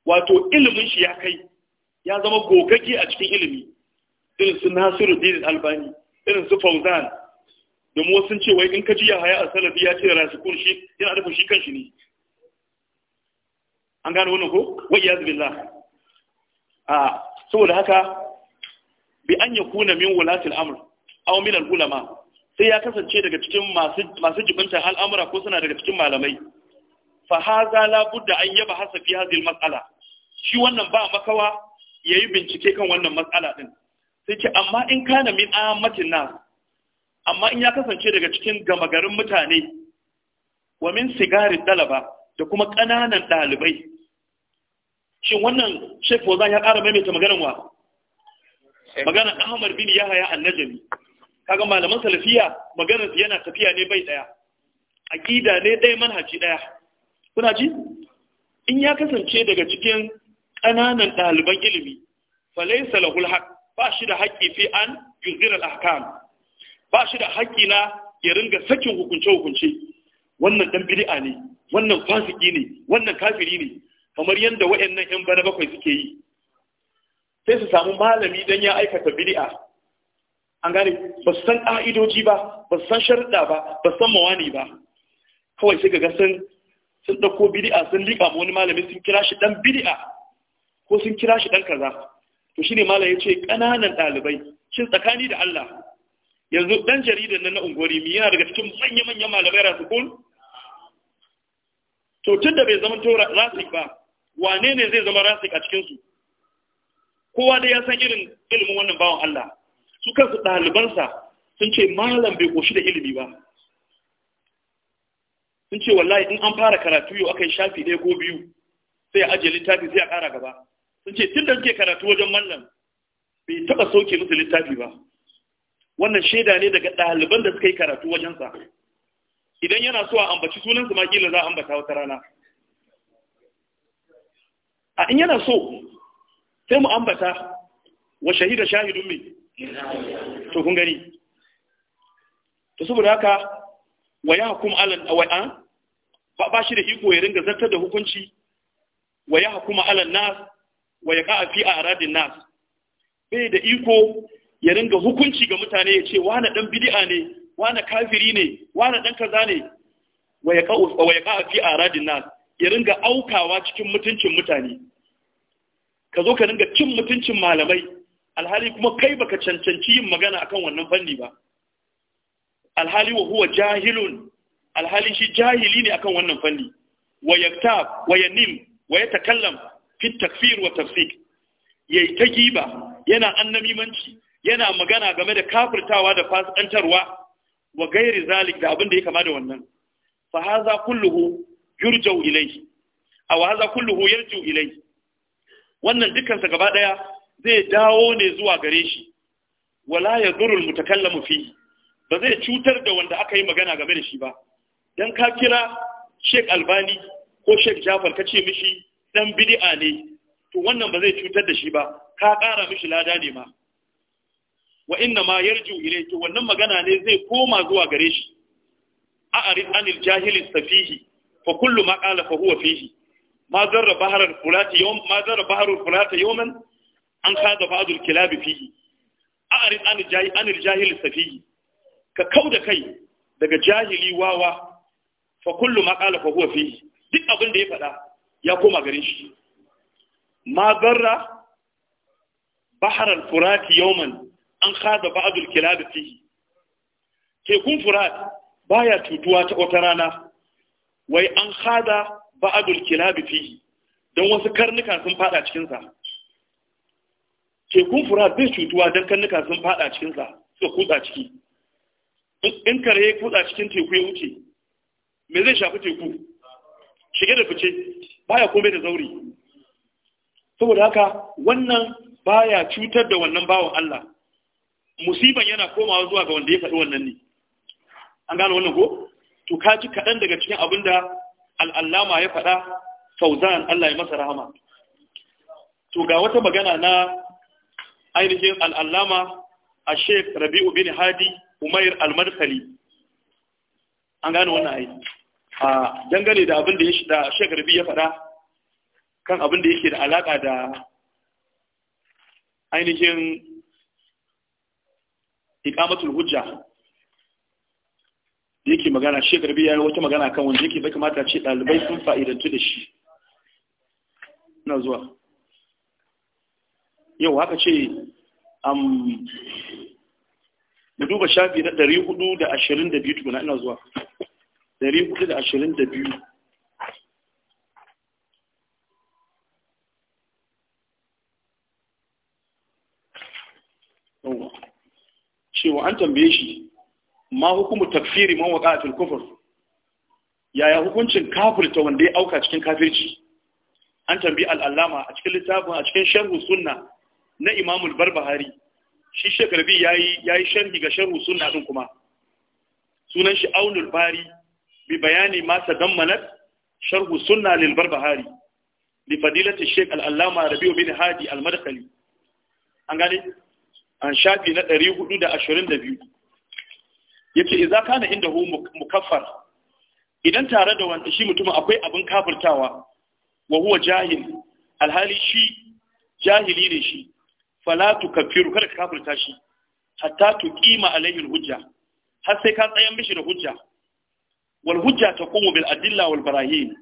wato ilimin shi ya kai ya zama gogagge a cikin ilimi irin su nasiru dinin albani irin su fauzan domin wasu ce wai in ka ji ya haya a salafi ya ce rasikun shi yana da shi kanshi ne an gane wannan ko wai ya zubilla a saboda haka bi an ya kuna min wulatil amr aw min ulama sai ya kasance daga cikin masu masu jibinta al'amura ko suna daga cikin malamai fa haza la budda an yaba hasa fi hadhihi al-mas'ala shi wannan ba makawa ya yi bincike kan wannan matsala ɗin sai ce amma in kana min amatin na amma in ya kasance daga cikin gama garin mutane wa min sigarin ɗalaba da kuma ƙananan ɗalibai shin wannan shekwa za ya ƙara maimaita maganar wa maganar ahmad bin yahaya annajami kaga malaman salafiya maganar yana tafiya ne bai ɗaya aƙida ne ɗaya manhaji ɗaya kuna ji in ya kasance daga cikin ƙananan ɗaliban ilimi falai salahul haƙ ba shi da haƙƙi fi an yuzirar ahkam ba shi da haƙƙi na ya ringa sakin hukunce hukunce wannan ɗan bid'a ne wannan fasiki ne wannan kafiri ne kamar yadda waɗannan yan bana bakwai suke yi sai su samu malami dan ya aikata bid'a an gane ba su san ƙa'idoji ba ba su san sharuɗa ba ba su san mawani ba kawai sai ga sun sun ɗauko bid'a sun liƙa wani malami sun kira shi ɗan bid'a ko sun kira shi dan kaza to shine malam ce kananan ɗalibai shin tsakani da Allah yanzu dan jaridan nan na unguwari mi yana daga cikin manya manyan malamai rasul to tun da bai zama to rasik ba wane ne zai zama rasik a cikin su kowa da ya san irin ilimin wannan bawan Allah su kansu ɗalibansa sun ce malam bai koshi da ilimi ba sun ce wallahi in an fara karatu yau aka yi shafi ɗaya ko biyu sai a ajiye littafi sai a ƙara gaba sun ce tun da suke karatu wajen mallam bai taɓa sauke musu littafi ba wannan shaida ne daga ɗaliban da suka yi karatu wajensa idan yana so a ambaci sunansu ma kila za a ambata wata rana a in yana so sai mu ambata wa shahida shahidun mai to kun gani to saboda haka wa ya hukum alan awai'an ba shi da iko ya ringa zartar da hukunci wa ya hukuma alan nas wa yaqa fi aradin nas bai da iko ya ringa hukunci ga mutane ya ce wani dan bid'a ne wani kafiri ne wani dan kaza ne wa yaqa fi aradin nas ya ringa aukawa cikin mutuncin mutane ka zo ka ringa cin mutuncin malamai alhali kuma kai baka cancanci yin magana akan wannan fanni ba alhali wa huwa jahilun alhali shi jahili ne akan wannan fanni wa yaktab wa yanim wa yatakallam fi takfir wa tafsik yayi ta giba yana annabimanci yana magana game da kafirtawa da fasantarwa wa gairi zalik da abin da ya kama da wannan fa haza kulluhu yurjau ilai. aw haza kulluhu yarju ilai wannan dukkan sa gaba daya zai dawo ne zuwa gare shi wala yadurul mutakallamu fi ba zai cutar da wanda aka yi magana game da shi ba dan ka kira Sheikh Albani ko Sheikh Jafar ka ce mishi dan bid'a ne to wannan ba zai cutar da shi ba ka ƙara mishi lada ne ma wa inna ma yarju ilai to wannan magana ne zai koma zuwa gare shi a arid anil jahili safihi fa kullu ma qala fa huwa fihi ma zarra baharan fulati yawm ma zarra baharul fulati yawman an kada ba'dul kilab fihi a arid anil jahili anil jahili safihi ka kauda kai daga jahili wawa fa kullu ma qala fa huwa fihi duk abin da ya faɗa ya koma garin shi ma garra baharar furati yawman an khada ba'd al-kilab fihi tekun furat baya tutuwa ta wata rana wai an khada ba'd al-kilab fihi dan wasu karnuka sun fada cikin sa tekun furat bai cutuwa dan karnuka sun fada cikin sa suka kutsa ciki in kare ya kutsa cikin teku ya wuce me zai shafi teku shige da fice baya komai da zauri saboda haka wannan baya cutar da wannan bawan Allah musiban yana komawa zuwa ga wanda ya faɗi wannan ne an gano wannan ko to ka ji kaɗan daga cikin abin da al'allama ya faɗa fauzan Allah ya masa rahama to ga wata magana na ainihin al'allama a sheik rabi'u bin hadi umair al-madkhali an gano wannan aiki a dangane da abin da ya da shekarbi ya faɗa kan abin da yake da alaƙa da ainihin ikamatul hujja yake magana shekarbi ya yi wata magana kan wanda yake bai kamata ce ɗalibai sun fa'idantu da shi na zuwa yau haka ce mu duba shafi na 422 tukuna ina zuwa dari cewa an tambaye shi ma hukumu tafsiri man a kufur yaya hukuncin kafirta wanda ya auka cikin kafirci an tambayi al'allama a cikin littafin a cikin sharhu sunna na imamul barbahari shi shekarbi ya yi sharhi ga sharhu sunna din kuma sunan shi aunul bari bi bayani ma tadammanat sharh sunna lil barbahari li fadilati shaykh al-allama rabi'u bin hadi al-madkhali an gane an shafi na 422 yace idza kana indahu mukaffar idan tare da wanda shi mutum akwai abin kafirtawa wahuwa jahil alhali shi jahili ne shi fala tukaffiru kada ka kafirta shi hatta tuqima alaihi hujja har sai ka tsayan mishi da hujja wal ta kuma bil adilla wal barahin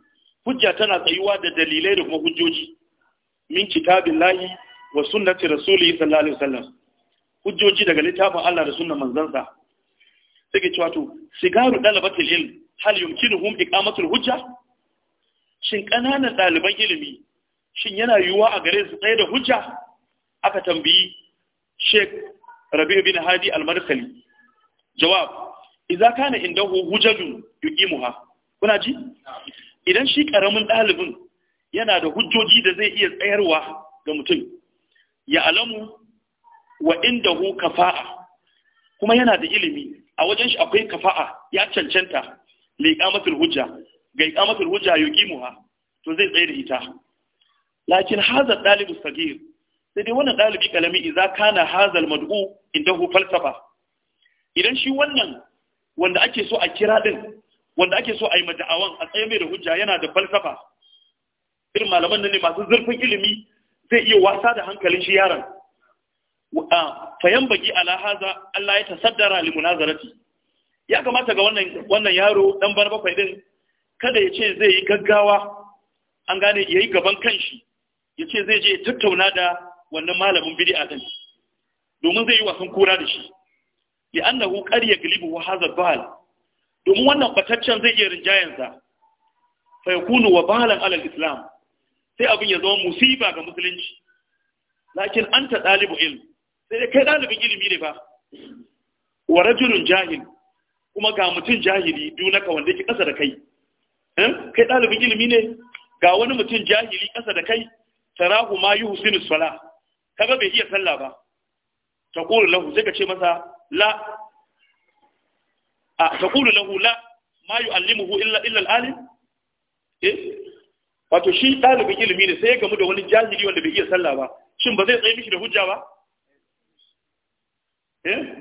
hujja tana tsayuwa da dalilai da kuma hujjoji min kitabillahi wa sunnati rasuli sallallahu alaihi wasallam hujjoji daga littafin Allah da sunnan manzansa take cewa to sigaru dalabatul ilm hal yumkinuhum iqamatul hujja shin kananan daliban ilimi shin yana yiwuwa a gare su tsaye da hujja aka tambayi Sheikh Rabi'u bin Hadi al-Marsali jawab Iza kana indahu hujajun yuqimuha kuna ji idan shi karamin dalibin yana da hujjoji da zai iya tsayarwa ga mutum ya alamu wa indahu kafa'a kuma yana da ilimi a wajen shi akwai kafa'a ya cancanta li hujja ga iqamatul hujja yuqimuha to zai tsaye da ita lakin hazal dalibus sagir sai dai wannan dalibi kalami idza kana hazal mad'u indahu falsafa idan shi wannan wanda ake so a kira din wanda ake so a yi mata'awan a tsaye mai da hujja yana da falsafa irin malaman nan ne masu zurfin ilimi zai iya wasa da hankalin shi yaron fayan baki ala haza Allah ya tasaddara li munazarati ya kamata ga wannan wannan yaro dan bar bakwai din kada ya ce zai yi gaggawa an gane yayi gaban kanshi ya ce zai je tattauna da wannan malamin bid'a din domin zai yi wasan kura da shi li'annahu qad yaglibu hadha bahal, domin wannan bataccen zai iya rinjayansa fa yakunu wabalan ala al-islam sai abin ya zama musiba ga musulunci lakin anta dalibu ilm sai dai kai dalibin ilimi ne ba wa rajulun jahil kuma ga mutum jahili dunaka wanda yake kasa da kai kai dalibin ilimi ne ga wani mutum jahili kasa da kai tarahu ma yuhsinu sala kaga bai iya sallah ba taqulu lahu sai ka ce masa la a taqulu lahu la ma yu'allimuhu illa illa al wato shi dalibin ilimi ne sai ya gamu da wani jahili wanda bai iya sallah ba shin ba zai tsaye mishi da hujja ba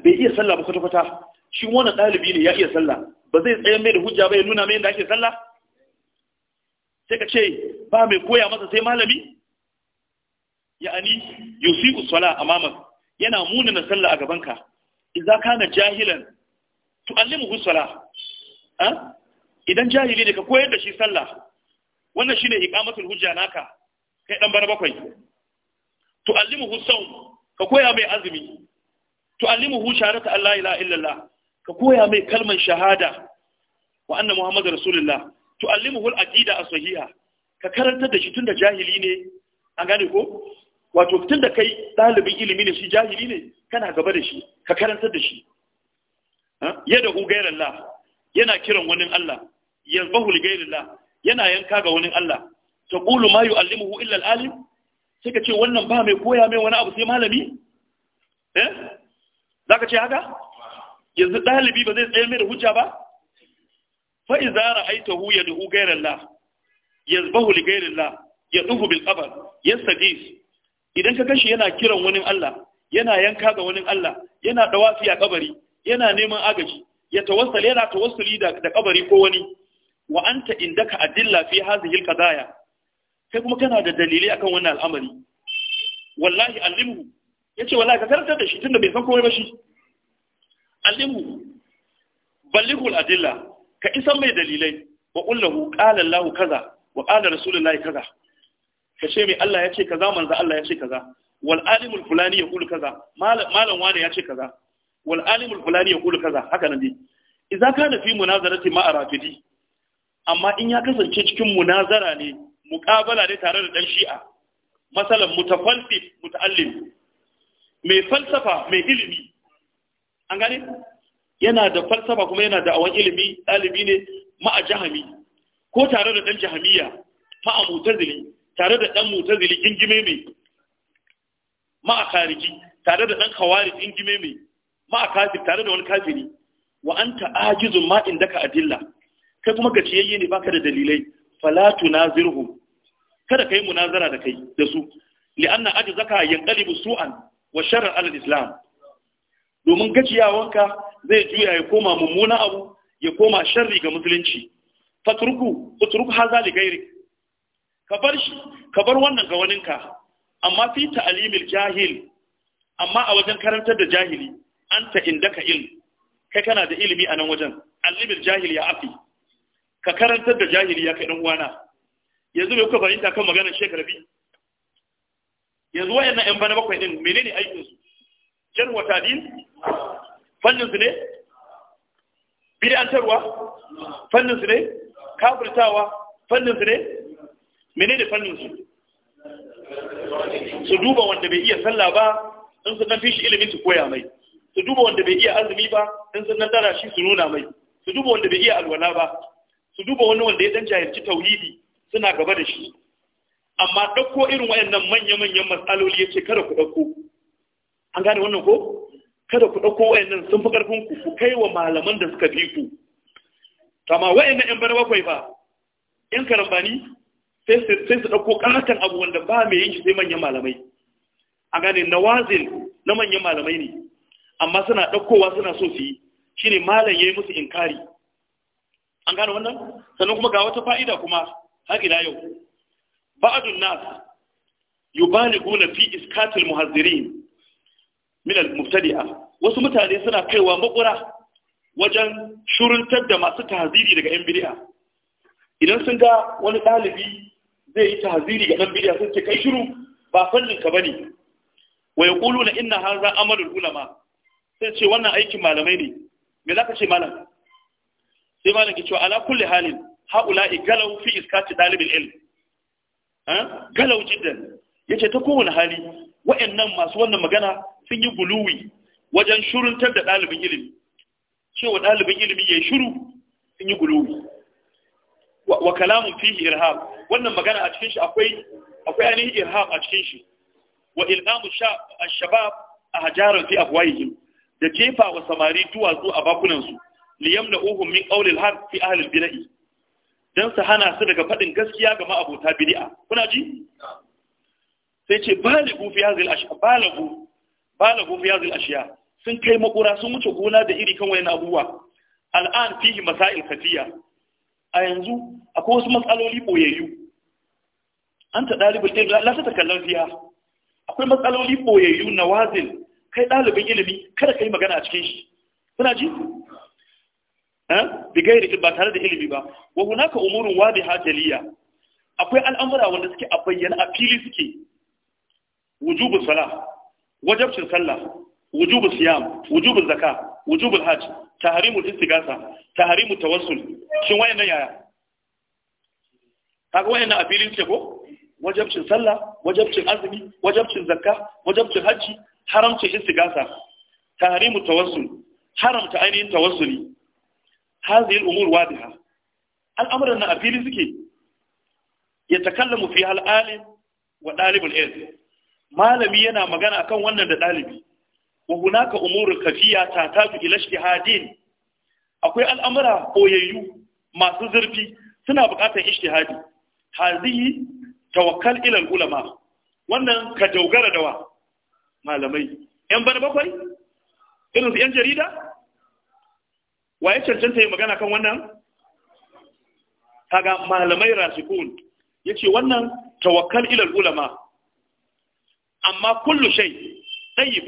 bai iya sallah ba kwata-kwata shi wannan ɗalibi ne ya iya sallah ba zai tsaye mai da hujja ba ya nuna mai yadda ake sallah sai ka ce ba mai koya masa sai malami ya'ani yusi usala a mamar yana munana sallah a gabanka idza kana jahilan tu'allimuhu salah ha idan jahili ne ka koyar da shi sallah wannan shine iqamatul hujja naka kai dan bar bakwai tu'allimuhu sawm ka koya mai azumi tu'allimuhu allahi la ilaha illallah ka koya mai kalman shahada wa anna muhammadar rasulullah tu'allimuhu al-aqida as-sahiha ka karanta da shi tun da jahili ne an gane ko wato tun da kai ɗalibin ilimi ne shi jahili ne kana gaba da shi ka karantar da shi yadda hu gairar la yana kiran wani Allah yanzu li gairar la yana yanka ga wani Allah ta ƙulu ma yi allimuhu illa al'alim sai ka ce wannan ba mai koya mai wani abu sai malami eh za ka ce haka yanzu ɗalibi ba zai tsaye mai da hujja ba fa'iza ra'aitahu ya duhu gairar la yanzu li gairar la ya duhu bil qabr yastagis idan ka kashi yana kiran wani Allah yana yanka ga wani Allah yana dawafi a kabari yana neman agaji ya tawassal yana tawassuli da, da kabari ko wani wa anta indaka adilla fi hadhihi alqadaya kai kuma kana da dalili akan wannan al'amari wallahi allimhu yace wallahi ka karantar da shi tunda bai san komai ba shi allimhu ballighu adilla ka isan mai dalilai wa qul lahu qala Allah kaza wa qala rasulullahi kaza Kashe mai Allah ya ce kaza manzo Allah ya ce kaza wal alimul fulani ya kulu kaza malam wani ya ce kaza wal alimul fulani ya kulu kaza haka nan dai idza kana fi munazarati ma arafidi amma in ya kasance cikin munazara ne muqabala ne tare da dan shi'a masalan mutafalsif muta'allim mai falsafa mai ilimi an gane yana da falsafa kuma yana da awan ilimi ɗalibi ne ma'a jahami ko tare da ɗan jahamiya ma'a mutazili tare da ɗan mutazili gingime mai ma'akariki tare da ɗan kawarij gingime mai ma'akafi tare da wani kafiri wa anta ajizun ma a adilla kai kuma gaciyayye ne baka da dalilai na zirhu kada ka yi munazara da kai da su li'anna yin ɗalibu su'an wa sharar al-islam domin gaciyawanka zai juya ya koma mummuna abu ya koma sharri ga musulunci fatruku fatruku haza li ka bar shi ka bar wannan ga waninka amma fi ta'alimil jahil amma a wajen karantar da jahili anta indaka ilm kai kana da ilimi a nan wajen alimil jahil ya afi ka karantar da jahili ya kai dan uwana yanzu me kuka fahimta kan maganar bi yanzu wayannan yan bana bakwai din menene aikin su jan wa fannin su ne bid'antarwa fannin su ne kafirtawa fannin su ne menene fannin su su duba wanda bai iya sallah ba in sun fi shi ilimin su koya mai su duba wanda bai iya azumi ba in sun dara shi su nuna mai su duba wanda bai iya alwala ba su duba wani wanda ya dan jahilci tauhidi suna gaba da shi amma dauko irin wayannan manya-manyan matsaloli yace kada ku dauko. an gane wannan ko kada ku dauko wayannan sun fi karfin ku ku kai wa malaman da suka fi ku kama wayannan yan bar bakwai ba in karambani sai su ɗauko ƙaton abu wanda ba mai yin shi sai manyan malamai a gane nawazin na manyan malamai ne amma suna ɗaukowa suna so su yi shi ne malam ya yi musu inkari an gane wannan sannan kuma ga wata fa'ida kuma har ila yau ba ni guna fi iskatul muhazzirin min al wasu mutane suna kaiwa makura wajen shuruntar da masu tahziri daga yan bid'a idan sun ga wani ɗalibi zai yi tahziri ga dan sun ce kai shiru ba fannin ka ne. wa ya na inna hanzar amalin ulama sai ce wannan aikin malamai ne me ka ce malam sai malam ke cewa ala kulle halin haula'i galau fi iskati dalibul ilm galau jiddan ce ta kowane hali wa'annan masu wannan magana sun yi guluwi wajen shuruntar da dalibin ilimi cewa dalibin ilimi yi shiru sun yi guluwi wa kalamu fihi irham wannan magana a cikin shi akwai akwai ainihin irham a cikin shi wa il'amu shabab a hajaran fi afwahihim da jefa wa samari duwatsu a bakunan liyam na uhun min ƙaulil har fi ahalil bida'i don su hana su daga faɗin gaskiya ga ma'abota bid'a kuna ji sai ce balagu fi hazil ashiya balagu balagu fi sun kai makura sun wuce gona da iri kan wayan abubuwa al'an fihi masail katiya a yanzu akwai wasu matsaloli boyayyu an ta ɗalibin ilimi lasa ta kallon fiya akwai matsaloli boyayyu na wazin kai ɗalibin ilimi kada ka yi magana a cikin shi kuna ji eh? gairi ba tare da ilimi ba wa umurin wa wadi Jaliya akwai al'amura wanda suke a bayyana a fili suke Wujubin sala wajabcin sallah wujubin siyam wujubin zaka wujubin Hajji. tahrimul istigasa tahrimul tawassul shin wayannan yaya kaga wayannan a filin ce ko wajabcin sallah wajabcin azumi wajabcin zakka wajabcin hajji haramcin istigasa tahrimul tawassul haramta ainihin tawassuli hadhihi al-umur wadiha al'amuran na a fili suke ya takallamu fi hal alim wa dalibul ilm malami yana magana akan wannan da dalibi wa hunaka umurul kafiya ta taju ila akwai al'amura koyayyu masu zurfi suna buƙatar ishtihadi hazihi tawakkal ila ulama wannan ka dogara da wa malamai yan bana bakwai irin su yan jarida waye cancanta yi magana kan wannan kaga malamai rasikun yace wannan tawakkal ila ulama amma kullu shay tayyib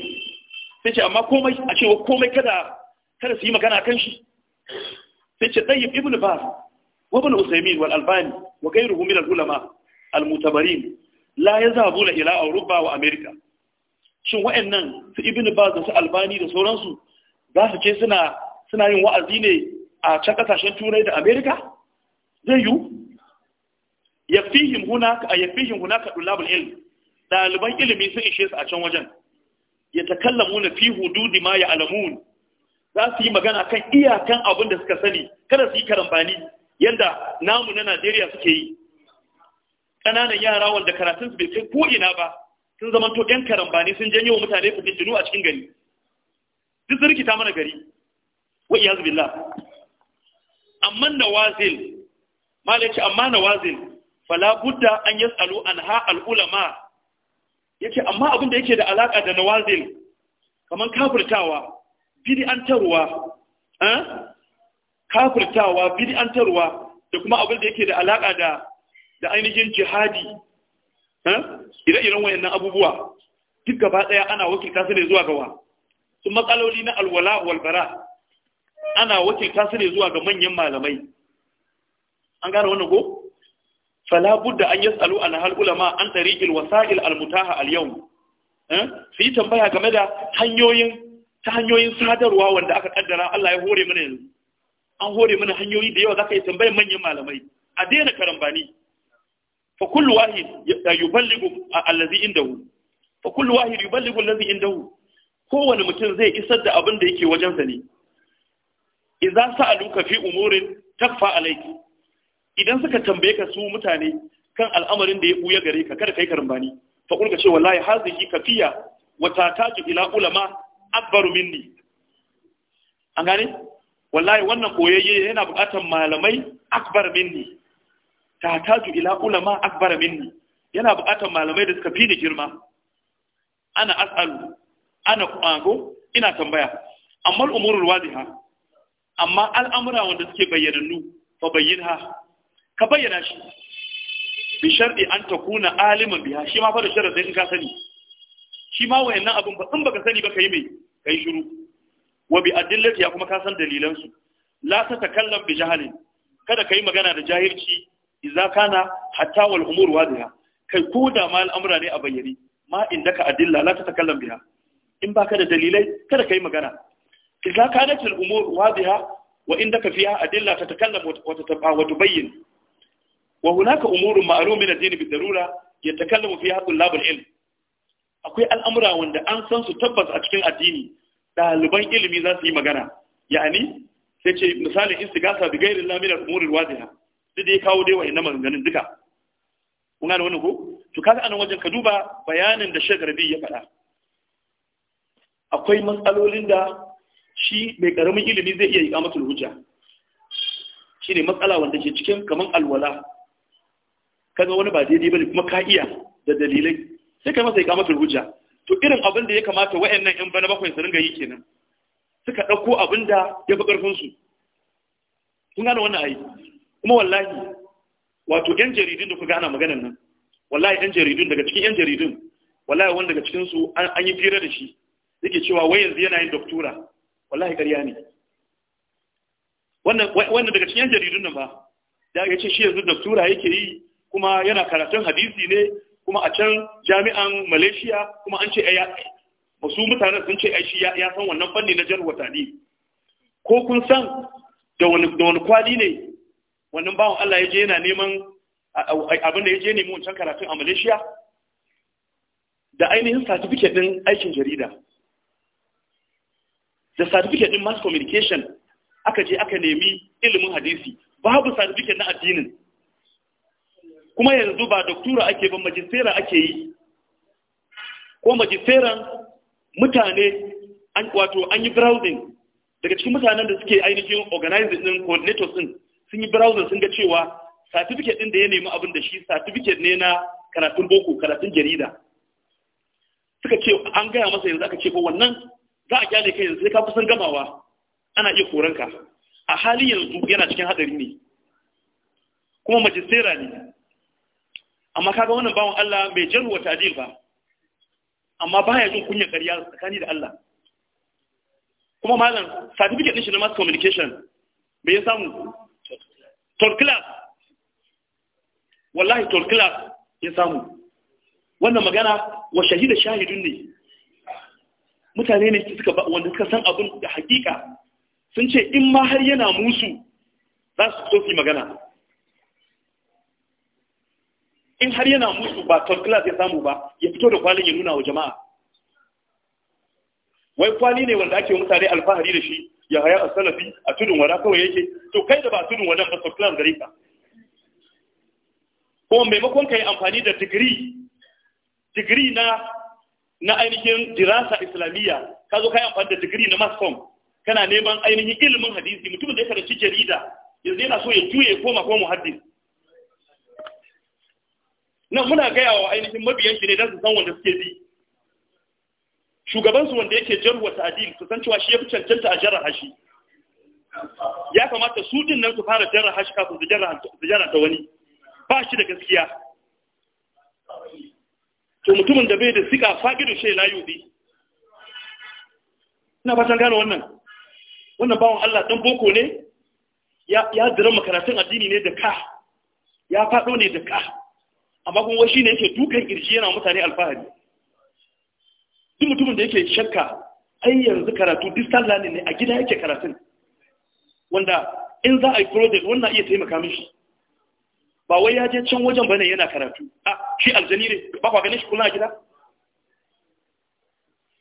sai ce amma komai a cewa komai kada kada su yi magana kan shi sai ce ɗayyib ibn baz wa ibn usaymin wal albani wa ghayruhu min al ulama al mutabarin la bula ila Auruba wa america shin wa'annan su ibn ba da su albani da sauransu za su ce suna suna yin wa'azi ne a can kasashen turai da america zai yiwu yafihim hunaka yafihim hunaka dulabul ilm ɗaliban ilimi sun ishe su a can wajen ya na fi hududi ma ya'lamun za su yi magana kan iyakan abin da suka sani kada su yi karambani yadda namu na Najeriya suke yi ƙananan yara wanda karatun su bai kai ko ba sun zama to ɗan karambani sun janyo wa mutane jinu a cikin gari duk sun rikita mana gari wa iyaz billah amma nawazil malai ce amma na fala budda an yasalu an ha al'ulama. Yake amma abin da yake da alaka da nawazil kaman kafirtawa bid'antarwa eh kafirtawa bid'antarwa da kuma abin da yake da alaka da da ainihin jihadi eh ire-iren wayannan abubuwa duk gaba daya ana wakilta su ne zuwa gawa su matsaloli na alwala wal bara ana wakilta su ne zuwa ga manyan malamai an gara wannan ko fala budda an yasalu an hal ulama an tariqil wasail al mutaha al yawm su yi tambaya game da hanyoyin ta hanyoyin sadarwa wanda aka kaddara Allah ya hore mana yanzu an hore mana hanyoyi da yawa zaka yi tambayar manyan malamai a daina karambani fa kullu wahid yuballighu allazi indahu fa kullu wahid yuballighu allazi indahu kowane mutum zai isar da abin da yake wajensa ne idza sa'aluka fi umurin takfa alayki idan suka tambaye ka su mutane kan al'amarin da ya buya gare ka kada kai karambani fa kulka ce wallahi hazihi kafiya wa tataju ila ulama akbaru minni an gane wallahi wannan koyayye yana buƙatar malamai akbar minni tataju ila ulama akbar minni yana buƙatar malamai da suka fi ni girma ana as'alu ana ƙwago ina tambaya amma al'umurul wadiha amma al'amura wanda suke bayyanannu fa bayyinha ka bayyana shi bi sharɗi an ta kuna aliman biya shi ma fara sharaɗin in ka sani shi ma wayannan abin ba in baka sani ba kai mai kai shiru wa bi adillati ya kuma ka san dalilan su la ta takallam bi jahalin kada kai magana da jahilci idza kana hatta wal umur wadiha kai ko da ma al'amura ne a bayyane ma indaka adilla la ta takallam biha in baka da dalilai kada kai magana idza kanat al umur wadiha wa indaka fiha adilla ta takallam wa ta tabayyin wa hunaka umurun ma'lum min ad-din bi darura yatakallamu ilm akwai al'amura wanda an san su tabbas a cikin addini ɗaliban ilimi za su yi magana ya'ani sai ce misalin istigasa bi gairin laminar umurin waziha duk da ya kawo dai ina maganganun duka kun gane wani ko to kaga anan wajen ka duba bayanin da bi ya faɗa akwai matsalolin da shi mai karamin ilimi zai iya yi kamatul hujja shine matsala wanda ke cikin kaman alwala kaga wani ba daidai bane kuma ka iya da dalilai sai kai masa ikamatul hujja to irin abin da ya kamata wa'annan yan bana bakwai su ringa yi kenan suka dauko abin da ya fi karfin su kun gane wannan ayi kuma wallahi wato yan jaridun da kuka ana maganar nan wallahi yan jaridun daga cikin yan jaridun wallahi wanda daga cikin su an yi fira da shi yake cewa wai yanzu yana yin doktora wallahi ƙarya ne wannan daga cikin jaridun nan ba da ya ce shi yanzu doktora yake yi kuma yana karatun hadisi ne kuma a can jami'an malaysia kuma an ce ya wasu mutanen sun ce aishi ya san wannan fanni na jan watani ko kun san da wani kwali ne wannan bawan Allah ya je yana neman abin da ya je nemi wancan karatun a malaysia da ainihin certificate din aikin jarida da certificate din mass communication aka je aka nemi ilimin hadisi babu certificate na addinin kuma yanzu ba doktura ake ba majistera ake yi ko majistera mutane an wato an yi browsing daga cikin mutanen da suke ainihin organizing din coordinators din sun yi browsing sun ga cewa certificate din da ya nemi abin da shi certificate ne na karatun boko karatun jarida suka ce an gaya masa yanzu aka ce ko wannan za a gyale kai yanzu sai ka kusan gamawa ana iya koranka a hali yanzu yana cikin hadari ne kuma majistera ne amma kaga wannan bawon Allah bai wa tajil ba amma baya jin kunya ƙarya tsakani da Allah kuma malam certificate din shi na mass communication me ya samu third class wallahi third class ya samu wannan magana wa shahida shahidun ne mutane ne suka wanda suka san abin da hakika sun ce in ma har yana musu za su so magana in har yana musu ba third class ya samu ba ya fito da kwalin ya nuna wa jama'a wai kwali ne wanda ake mutane alfahari da shi ya haya a salafi a tudun wada kawai yake to kai da ba tudun wadan ba third class gare ka ko maimakon ka yi amfani da digiri digiri na na ainihin dirasa islamiyya ka zo ka yi amfani da digiri na mascom kana neman ainihin ilimin hadisi mutumin da ya karanci jarida yanzu yana so ya juye koma ko muhaddis nan muna gaya wa ainihin mabiyan shi ne don su san wanda suke bi shugabansu wanda yake jarwa adil su san cewa shi ya fi cancanta a jarar hashi ya kamata su din nan su fara jarar hashi kafin su ta wani ba shi da gaskiya to mutumin da bai da sika da shi la yudi ina fatan gane wannan wannan bawon Allah dan boko ne ya ya dira makarantun addini ne da ka ya faɗo ne da ka amma kuma shi ne yake dukan kirji yana mutane alfahari duk mutumin da yake shakka ai yanzu karatu distant learning ne a gida yake karatun wanda in za a yi project wannan iya taimaka mishi ba wai ya je can wajen bane yana karatu a shi aljani ne ba kwa ganin shi kula a gida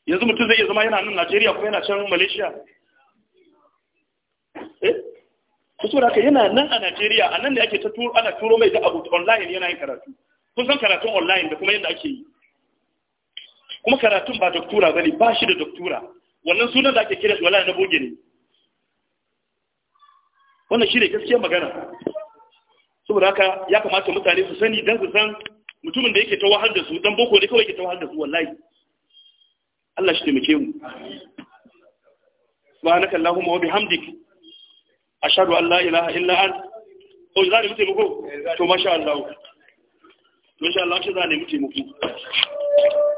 yanzu mutum zai iya zama yana nan Najeriya ko yana can Malaysia eh kusa da yana nan a Najeriya a nan da ake ta turo ana turo mai da abu online yana yin karatu kun san karatun online da kuma yadda ake yi kuma karatun ba doktura bane ba shi da doktura wannan sunan da ake kira wala wallahi na boge ne wannan shi ne gaskiyar magana saboda haka ya kamata mutane su sani dan su san mutumin da yake ta wahal da su dan boko ne kawai yake ta wahal da su wallahi Allah shi taimake mu subhanaka allahumma wa bihamdika ashhadu an la ilaha illa anta ko zari mu taimako to masha Allah to insha Allah shi za a nemi taimako